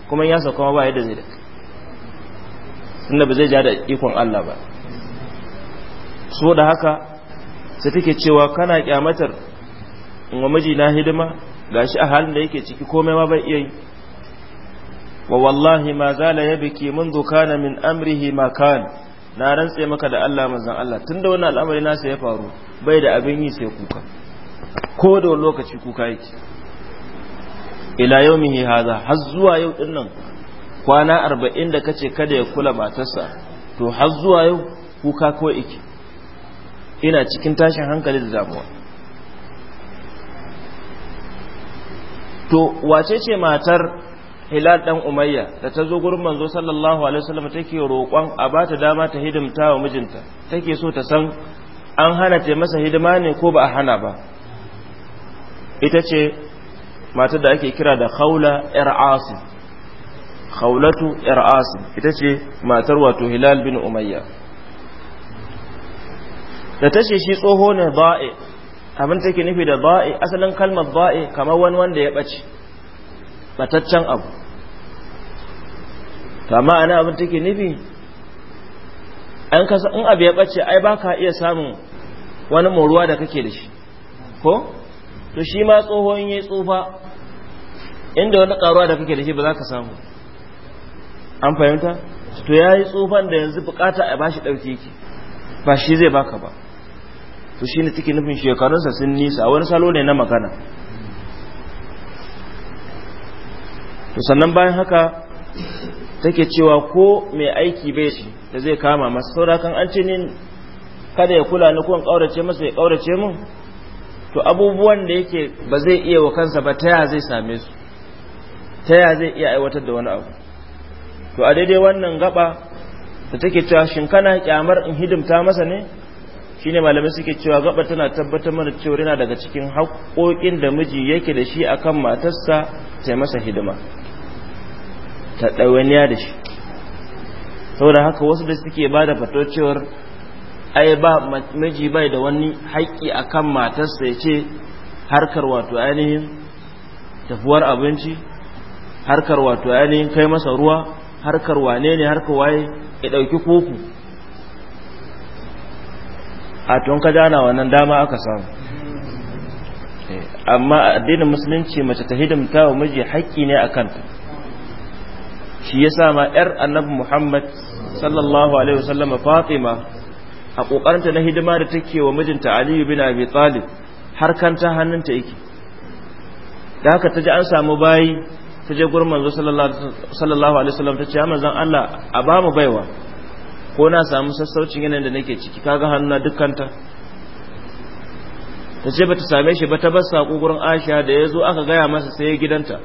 kuma ya sauka ba yadda zai da inda ba zai ja da ikon Allah ba so da haka sai take cewa kana kyamatar wa miji na hidima gashi a halin da yake ciki komai ma bai iya yi wa wallahi ma zala yabki منذ kana min amrihi ma kana na rantse maka da Allah manzon Allah tunda wannan al'amari nasa ya faru bai da abin yi sai kuka ko da lokaci kuka yake ila yaumihi hadha har zuwa yau din kwana arba'in da kace kada ya kula matarsa to har zuwa yau kuka ko iki ina cikin tashin hankali da damuwa to wace ce matar hilal dan umayya da ta zo gurin manzo sallallahu alaihi wasallam take roƙon a ba ta dama ta hidimta wa mijinta take so ta san an hana ta masa hidima ne ko ba a hana ba ita ce matar da ake kira da khawla yar asim khawlatu yar ita ce matar wato hilal bin umayya da tashi shi tsoho ne ba'i abin take nufi da ba'i asalin kalmar ba'i kamar wani wanda ya ɓace ɓataccen abu amma ana abin take nufi an kasa in abu ya ɓace ai ba ka iya samun wani moruwa da kake da shi ko to shi ma tsohon ya tsufa inda wani ƙaruwa da kake da shi ba za ka samu an fahimta to ya yi tsufan da yanzu bukata a bashi ɗauki yake ba shi zai baka ba to shi ne take nufin shekarunsa sun nisa wani salo ne na magana to sannan bayan haka take cewa ko mai aiki bai shi da zai kama masu saurakan an ce ni kada ya kula ni ko in ƙaurace masa ya ƙaurace mun to abubuwan da yake ba zai iya wa kansa ba ta ya zai same su ta ya zai iya aiwatar da wani abu to a daidai wannan gaba da take cewa shin kana kyamar in hidimta masa ne shine malamai suke cewa gaba tana tabbatar mana cewa yana daga cikin haƙoƙin da miji yake da shi akan matarsa ta masa hidima ta ɗawainiya da shi saboda haka wasu da suke ba da fato cewar ai ba miji bai da wani haƙƙi akan matarsa ya ce harkar wato ainihin tafuwar abinci harkar wato ainihin kai masa ruwa harkar wane ne harkar waye ya ɗauki kuku? a tun ka jana wannan dama aka samu eh, amma addinin musulunci mace ta hidimta wa miji haƙƙi ne a kanta shi ya sa ma 'yar annabi muhammad sallallahu alaihi wasallama fatima a ƙoƙarinta na hidima da take wa mijinta aliyu bin abi talib har kanta hannunta yake da haka ta ji an samu bayi ta je gurin manzo sallallahu alaihi wasallam ta ce ya manzon Allah a ba mu baiwa ko na samu sassaucin yanayin da nake ciki kaga hannuna dukkanta ta ce bata same shi ba ta bar sako gurin Aisha da yazo aka gaya masa sai ya gidanta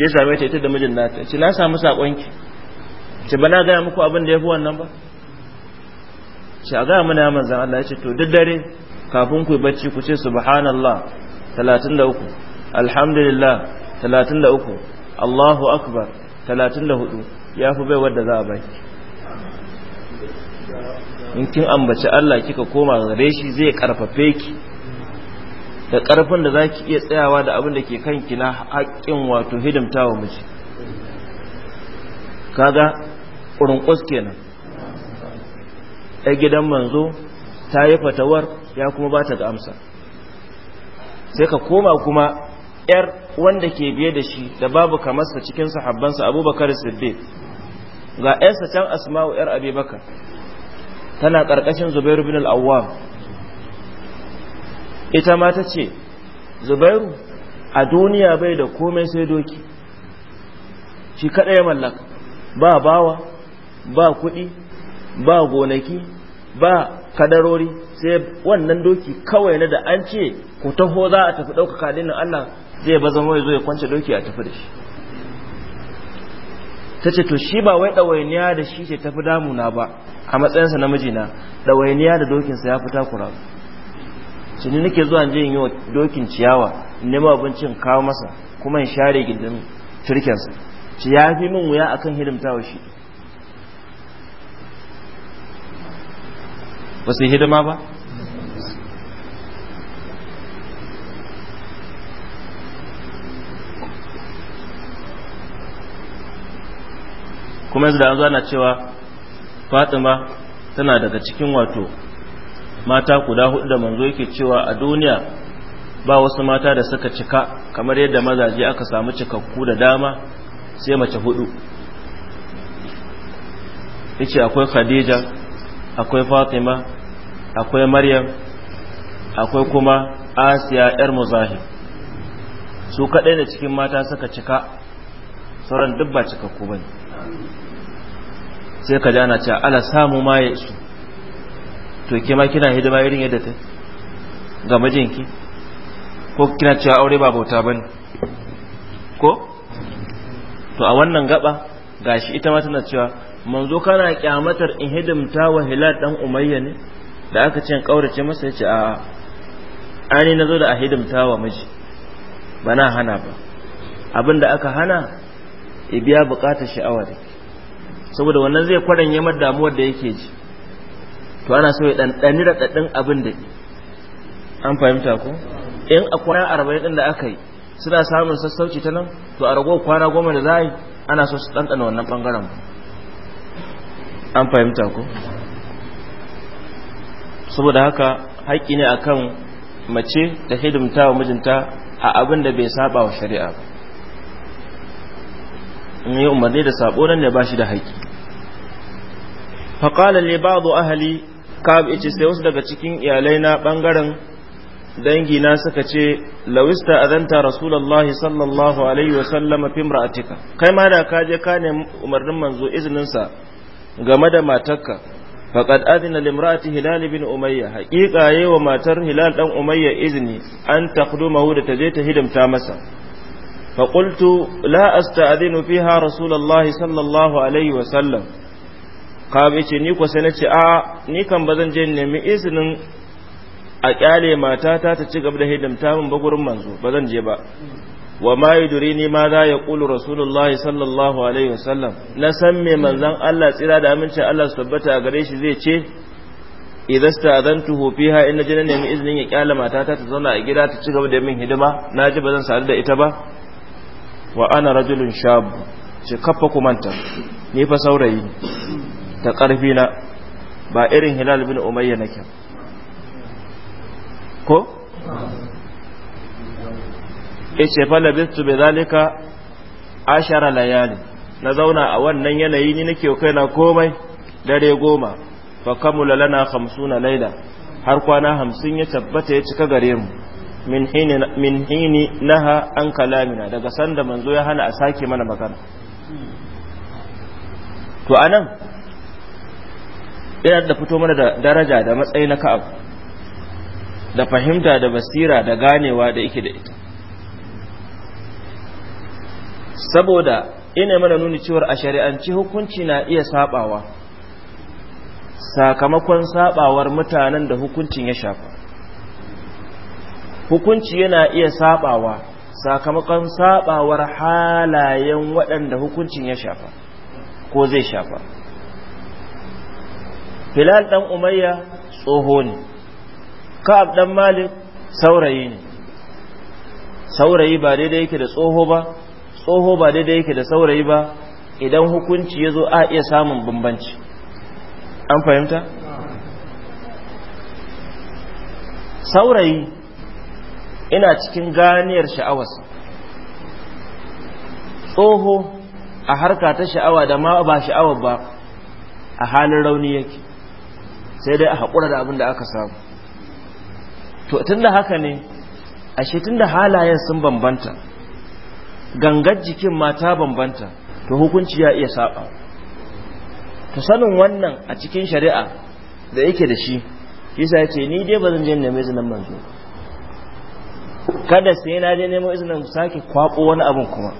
ya same ta ita da mijin nata ce na samu sakonki ce ba na gaya muku abin da yafi wannan ba ce a gaya mana manzan Allah ya ce to duk dare kafin ku bacci ku ce subhanallah 33 alhamdulillah talatin da uku Allahu akbar talatin da hudu ya fi bai wadda za a baki in kin ambaci Allah kika koma gare shi zai karfafe ki da karfin da zaki iya tsayawa da abin da ke kanki na haƙƙin wato hidimta wa miji kaga ƙurunƙus kenan ɗan gidan manzo ta yi fatawar ya kuma ba ta ga amsa sai ka koma kuma yar wanda ke biye da shi da babu kamar sa cikin sahabbansa abubakar siddiq ga yarsa can asma'u yar abubakar tana ƙarƙashin zubairu bin al-awwam ita ma ta ce zubairu a duniya bai da komai sai doki shi kaɗai ya mallaka ba bawa ba kuɗi ba gonaki ba kadarori sai wannan doki kawai na da an ce ku taho za a tafi ɗaukaka dinin Allah zai ba zama ya zo ya kwance doki a tafi da shi ta ce to shi ba wai ɗawainiya da shi ce tafi na ba a matsayinsa na mijina ɗawainiya da dokinsa ya fi kura shi ni nake zuwa je yi wa dokin ciyawa nema abincin kawo masa kuma in share gindin turkensa ci ya fi min wuya akan wa shi ba su hidima ba kuma yanzu da an zana cewa fatima tana daga cikin wato mata guda hudu da manzo yake cewa a duniya ba wasu mata da suka cika kamar yadda mazaje aka samu cikakku da dama sai mace hudu yace akwai khadija akwai fatima akwai maryam akwai kuma asiya yar muzahi su kadai da cikin mata suka cika sauran duk ba cikakku bane sai ka jana ce ala samu ma ya su to ke kina hidima irin yadda ta ga mijinki ko kina cewa aure ba bauta ba ne ko to a wannan gaba gashi ita ma tana cewa manzo kana kyamatar in hidimta wa hilal dan umayya ne da aka ce kaurace masa ya ce a ani nazo da a hidimta wa miji ba na hana ba abinda aka hana ya biya bukatar sha'awa da saboda wannan zai kwaran yamar damuwar da yake ji to ana so ya ɗanɗani ɗaɗɗin abin da an fahimta ko in a kwana arba'in ɗin da aka yi suna samun sassauci ta nan to a ragowar kwana goma da za yi ana so su ɗanɗana wannan ɓangaren an fahimta ko saboda haka haƙƙi ne akan mace ta hidimta wa mijinta a abin da bai saba wa shari'a ba in yi umarni da sabo nan ne ba shi da haƙi faƙala ne ba zo ahali ka ce sai wasu daga cikin iyalai na bangaren. dangi na suka ce lawista azanta rasulallah sallallahu alaihi wa sallama fi imra'atika kai ma da ka je ka ne umarnin manzo iznin sa game da matarka faqad adina limra'ati hilal bin umayya haqiqa yayi wa matar hilal dan umayya izini an taqdumahu da taje ta hidimta masa فقلت لا أستأذن فيها رسول الله صلى الله عليه وسلم قابل ni ko sai nace a ni kan bazan je nemi izinin a kyale matata ta ci da hidimta min ba gurin manzo bazan je ba wa ma yudrini ma za ya qulu rasulullah sallallahu alaihi wasallam na san me manzon Allah tsira da amincin Allah su tabbata a gare shi zai ce idza sta'adantuhu fiha in na nemi izinin ya kyale matata ta zauna a gida ta ci da min hidima naji bazan sadu da ita ba wa ana rajulun shabu ce kafa kumanta ni fa saurayi ta ƙarfi na ba irin hilal bin umayya nake ko ce fa labistu bi zalika ashara layali na zauna a wannan yanayi ni nake kai na komai dare goma fa kamula lana 50 laila har kwana hamsin ya tabbata ya cika gare mu min hini naha an kalamina daga sanda manzo ya hana a sake mana magana to anan yana da fito mana da daraja da matsayi na ka'ab da fahimta da basira da ganewa da yake da ita saboda ina mana nuni cewar a shari'anci hukunci na iya sabawa sakamakon sabawar mutanen da hukuncin ya shafa hukunci yana iya sabawa sakamakon sabawar halayen waɗanda hukuncin ya shafa ko zai shafa filal ɗan umayya tsoho ne ka'ab ɗan malik saurayi ne saurayi ba daidai yake da tsoho ba tsoho ba daidai yake da saurayi ba idan hukunci ya zo a iya samun bambanci an fahimta saurayi ina cikin ganiyar sha'awarsa tsoho a harka ta sha'awa da ma ba sha'awar ba a halin rauni yake sai dai a haƙura da abin da aka samu to tun da haka ne ashe tun da halayen sun bambanta gangar jikin mata bambanta to hukunci ya iya saba to sanin wannan a cikin shari'a da yake da shi yasa ya ce ni dai ba zan je neme zinan manzo kada sai na je nemo izinin sake kwabo wani abin kuma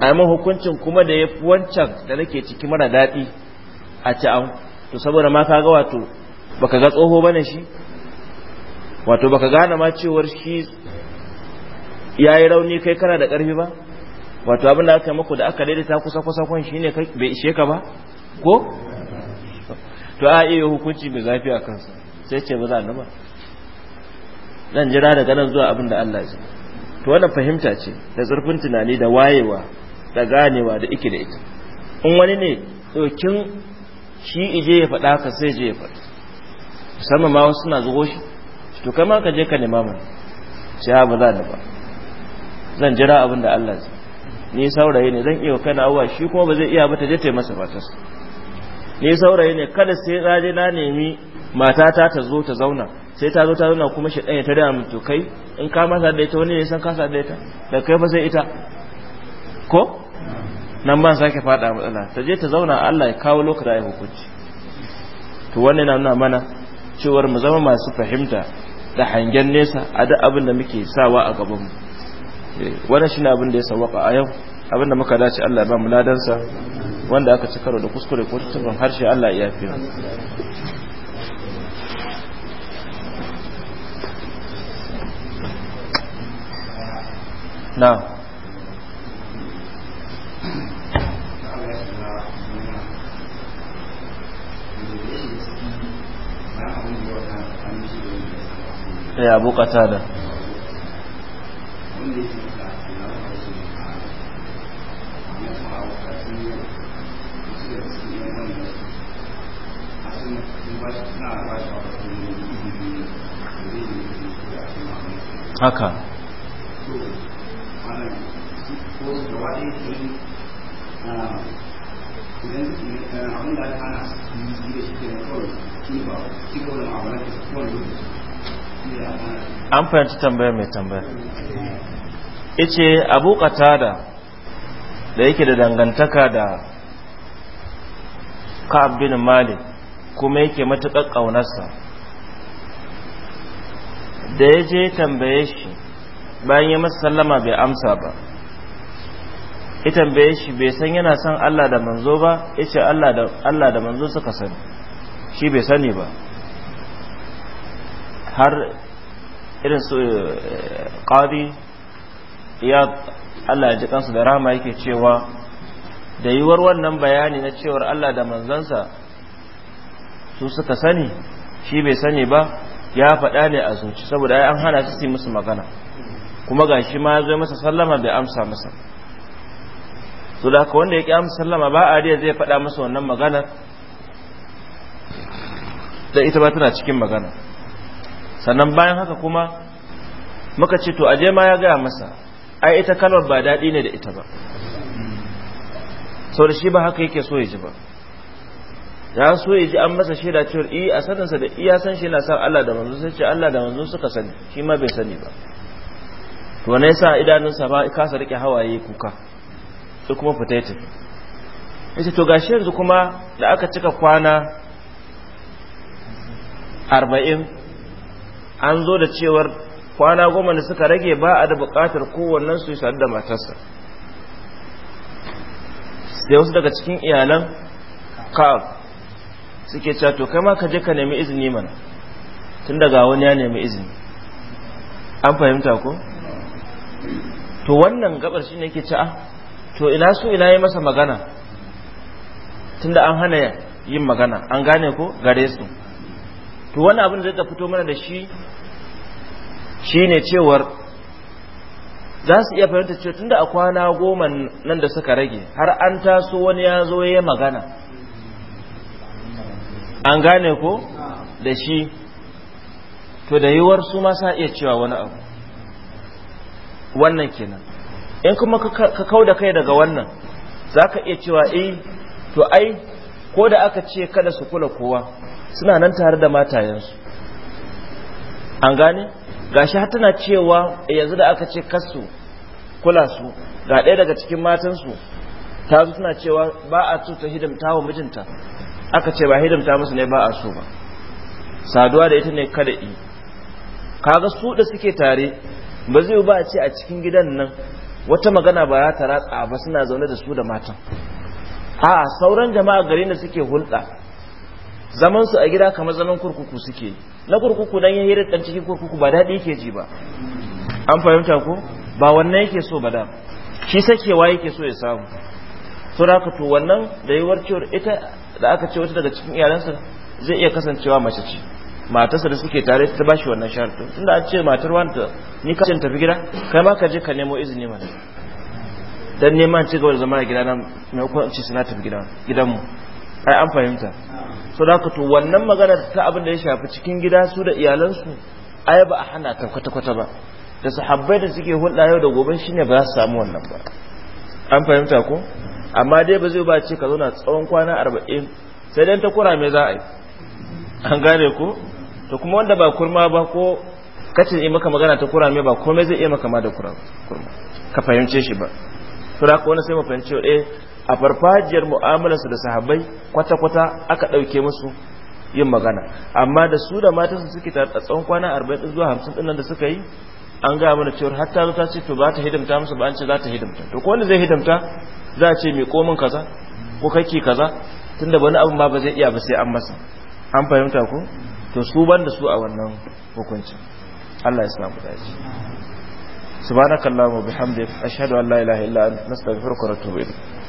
a yi hukuncin kuma da ya fi wancan da nake ciki mara daɗi a ci an to saboda ma ka ga wato baka ga tsoho ba shi wato baka gane ma cewar shi ya yi rauni kai kana da ƙarfi ba wato abin da aka maku da aka daidaita kusa kusa kwan shi ne bai ishe ka ba ko to a iya hukunci mai zafi a kansa sai ce ba za a nuna. zan jira daga nan zuwa abin da Allah zai to wannan fahimta ce da zurfin tunani da wayewa da ganewa da ike da ita in wani ne tsokin shi ije ya faɗa ka sai je ya faɗa musamman ma wasu suna zugo shi to kai ma ka je ka nema mana sai ba za da ba zan jira abin da Allah zai ni saurayi ne zan iya kana awa shi kuma ba zai iya ba ta je ta yi masa fatarsa ni saurayi ne kada sai na je na nemi matata ta zo ta zauna sai ta zo ta zauna kuma shi ɗaya ta da mutu kai in ka masa da ita wani ne san kasa da ita da kai fa sai ita ko nan ba sake faɗa matsala ta je ta zauna Allah ya kawo lokacin da ya hukunci to wannan na nuna mana cewar mu zama masu fahimta da hangen nesa a duk abin da muke sawa a gaban mu eh, wannan shine abin da ya sawaka a yau abin da muka dace Allah ba mu ladansa wanda aka ci karo da kuskure ko tuban harshe Allah ya mu na ya eh, abu da haka da ah, ah, da an fahimci tambayar mai tambayar ice abu qatada da yake da dangantaka da ka'ab bin malik kuma yake matuƙar ƙaunarsa da ya je tambaye shi bayan ya masa sallama bai amsa ba ya tambaye shi bai san yana son Allah da manzo ba ya ce Allah da manzo suka sani shi bai sani ba har irin su ƙadi eh, ya Allah ji kansu da rama yake cewa da yiwuwar wannan bayani na cewar Allah da manzansa su suka sani shi bai sani ba ya faɗa ne a zuci saboda an hana su musu magana kuma ga shi ma zai masa sallama bai amsa masa su da haka wanda ya ƙi amsa sallama ba a zai faɗa masa wannan maganar da ita ba tana cikin magana sannan bayan haka kuma muka ce to aje ma ya gaya masa ai ita kalmar ba daɗi ne da ita ba sau da shi ba haka yake so ya ji ba ya so ya ji an masa shaida cewar iya eh, a saninsa da iya san shi yana san Allah da manzo sai ce Allah da manzo suka sani shi ma bai sani ba to ne sa idanunsa ba kasa rike hawaye kuka sai kuma fita ya tafi to gashi yanzu kuma da aka cika kwana arba'in an zo da cewar kwana goma ne suka rage ba a da buƙatar kowannen su sadu da matarsa sai wasu daga cikin iyalan ka'ab suke cewa to kai ma ka je ka nemi izini mana tun daga wani ya nemi izini an fahimta ko to wannan gabar shine yake cewa ah, to ina su ina yi masa magana tunda an hana yin magana an gane ko gare su to wani abin da zai fito mana da shi shi ne cewar za su iya fahimta cewa tunda a kwana goma nan da suka rage har an taso wani ya zo ya magana an gane ko da shi to da yiwuwar su ma sa iya cewa wani abu wannan kenan in kuma ka kau da kai daga wannan za ka iya cewa eh to ai ko da aka ce kada su kula kowa suna nan tare da matayensu an gane gashi har tana cewa eh, yanzu da aka ce kasu kula su ga ɗaya daga cikin matansu ta zo suna cewa ba a so ta hidimta wa mijinta aka ce ba hidimta musu ne ba a so ba saduwa da ita ne kada i kaga su da suke tare ba zai ba a ce a cikin gidan nan wata magana ba ya ta ratsa ba suna zaune da su da matan a sauran jama'a gari da suke hulɗa zaman su a gida kamar zaman kurkuku suke na kurkuku dan ya hira dan cikin kurkuku ba daɗi yake ji ba an fahimta ko ba wannan yake so ba da shi sakewa yake so ya samu to da to wannan da yiwuwar ita da aka ce wata daga cikin iyalansa zai iya kasancewa mace ce matarsa da suke tare ta bashi wannan sharto tunda an ce matar wanta ni ka tafi gida kai ma ka je ka nemo izini mana dan neman ci gaba da zama a gida na maimakon ci suna tafi gida gidanmu ai an fahimta so da to wannan magana ta abin da ya shafi cikin gida su da iyalansu ai ba a hana ta kwata-kwata ba da sahabbai da suke hulɗa yau da gobe shine ba za su samu wannan ba an fahimta ko amma dai ba zai ba ce ka zauna tsawon kwana arba'in sai dan ta kura me za a yi an gane ko to kuma wanda ba kurma ba ko kace yi maka magana ta kurame ba komai zai iya maka ma da kurma ka fahimce shi ba to da wani sai mu fahimce eh a farfajiyar mu'amalarsu da sahabbai kwata-kwata aka ɗauke musu yin magana amma da su da matansu suke a tsawon kwana 40 zuwa 50 nan da suka yi an ga mana cewa har ta zo ta ce to ba ta hidimta musu ba an ce za ta hidimta to ko wanda zai hidimta za a ce mai komin kaza ko kake kaza tunda wani abu ma ba zai iya ba sai an masa an fahimta ko to su ban da su a wannan hukuncin Allah ya samu dace subhanakallahumma bihamdika ashhadu an la ilaha illa anta nastaghfiruka wa natubu ilayk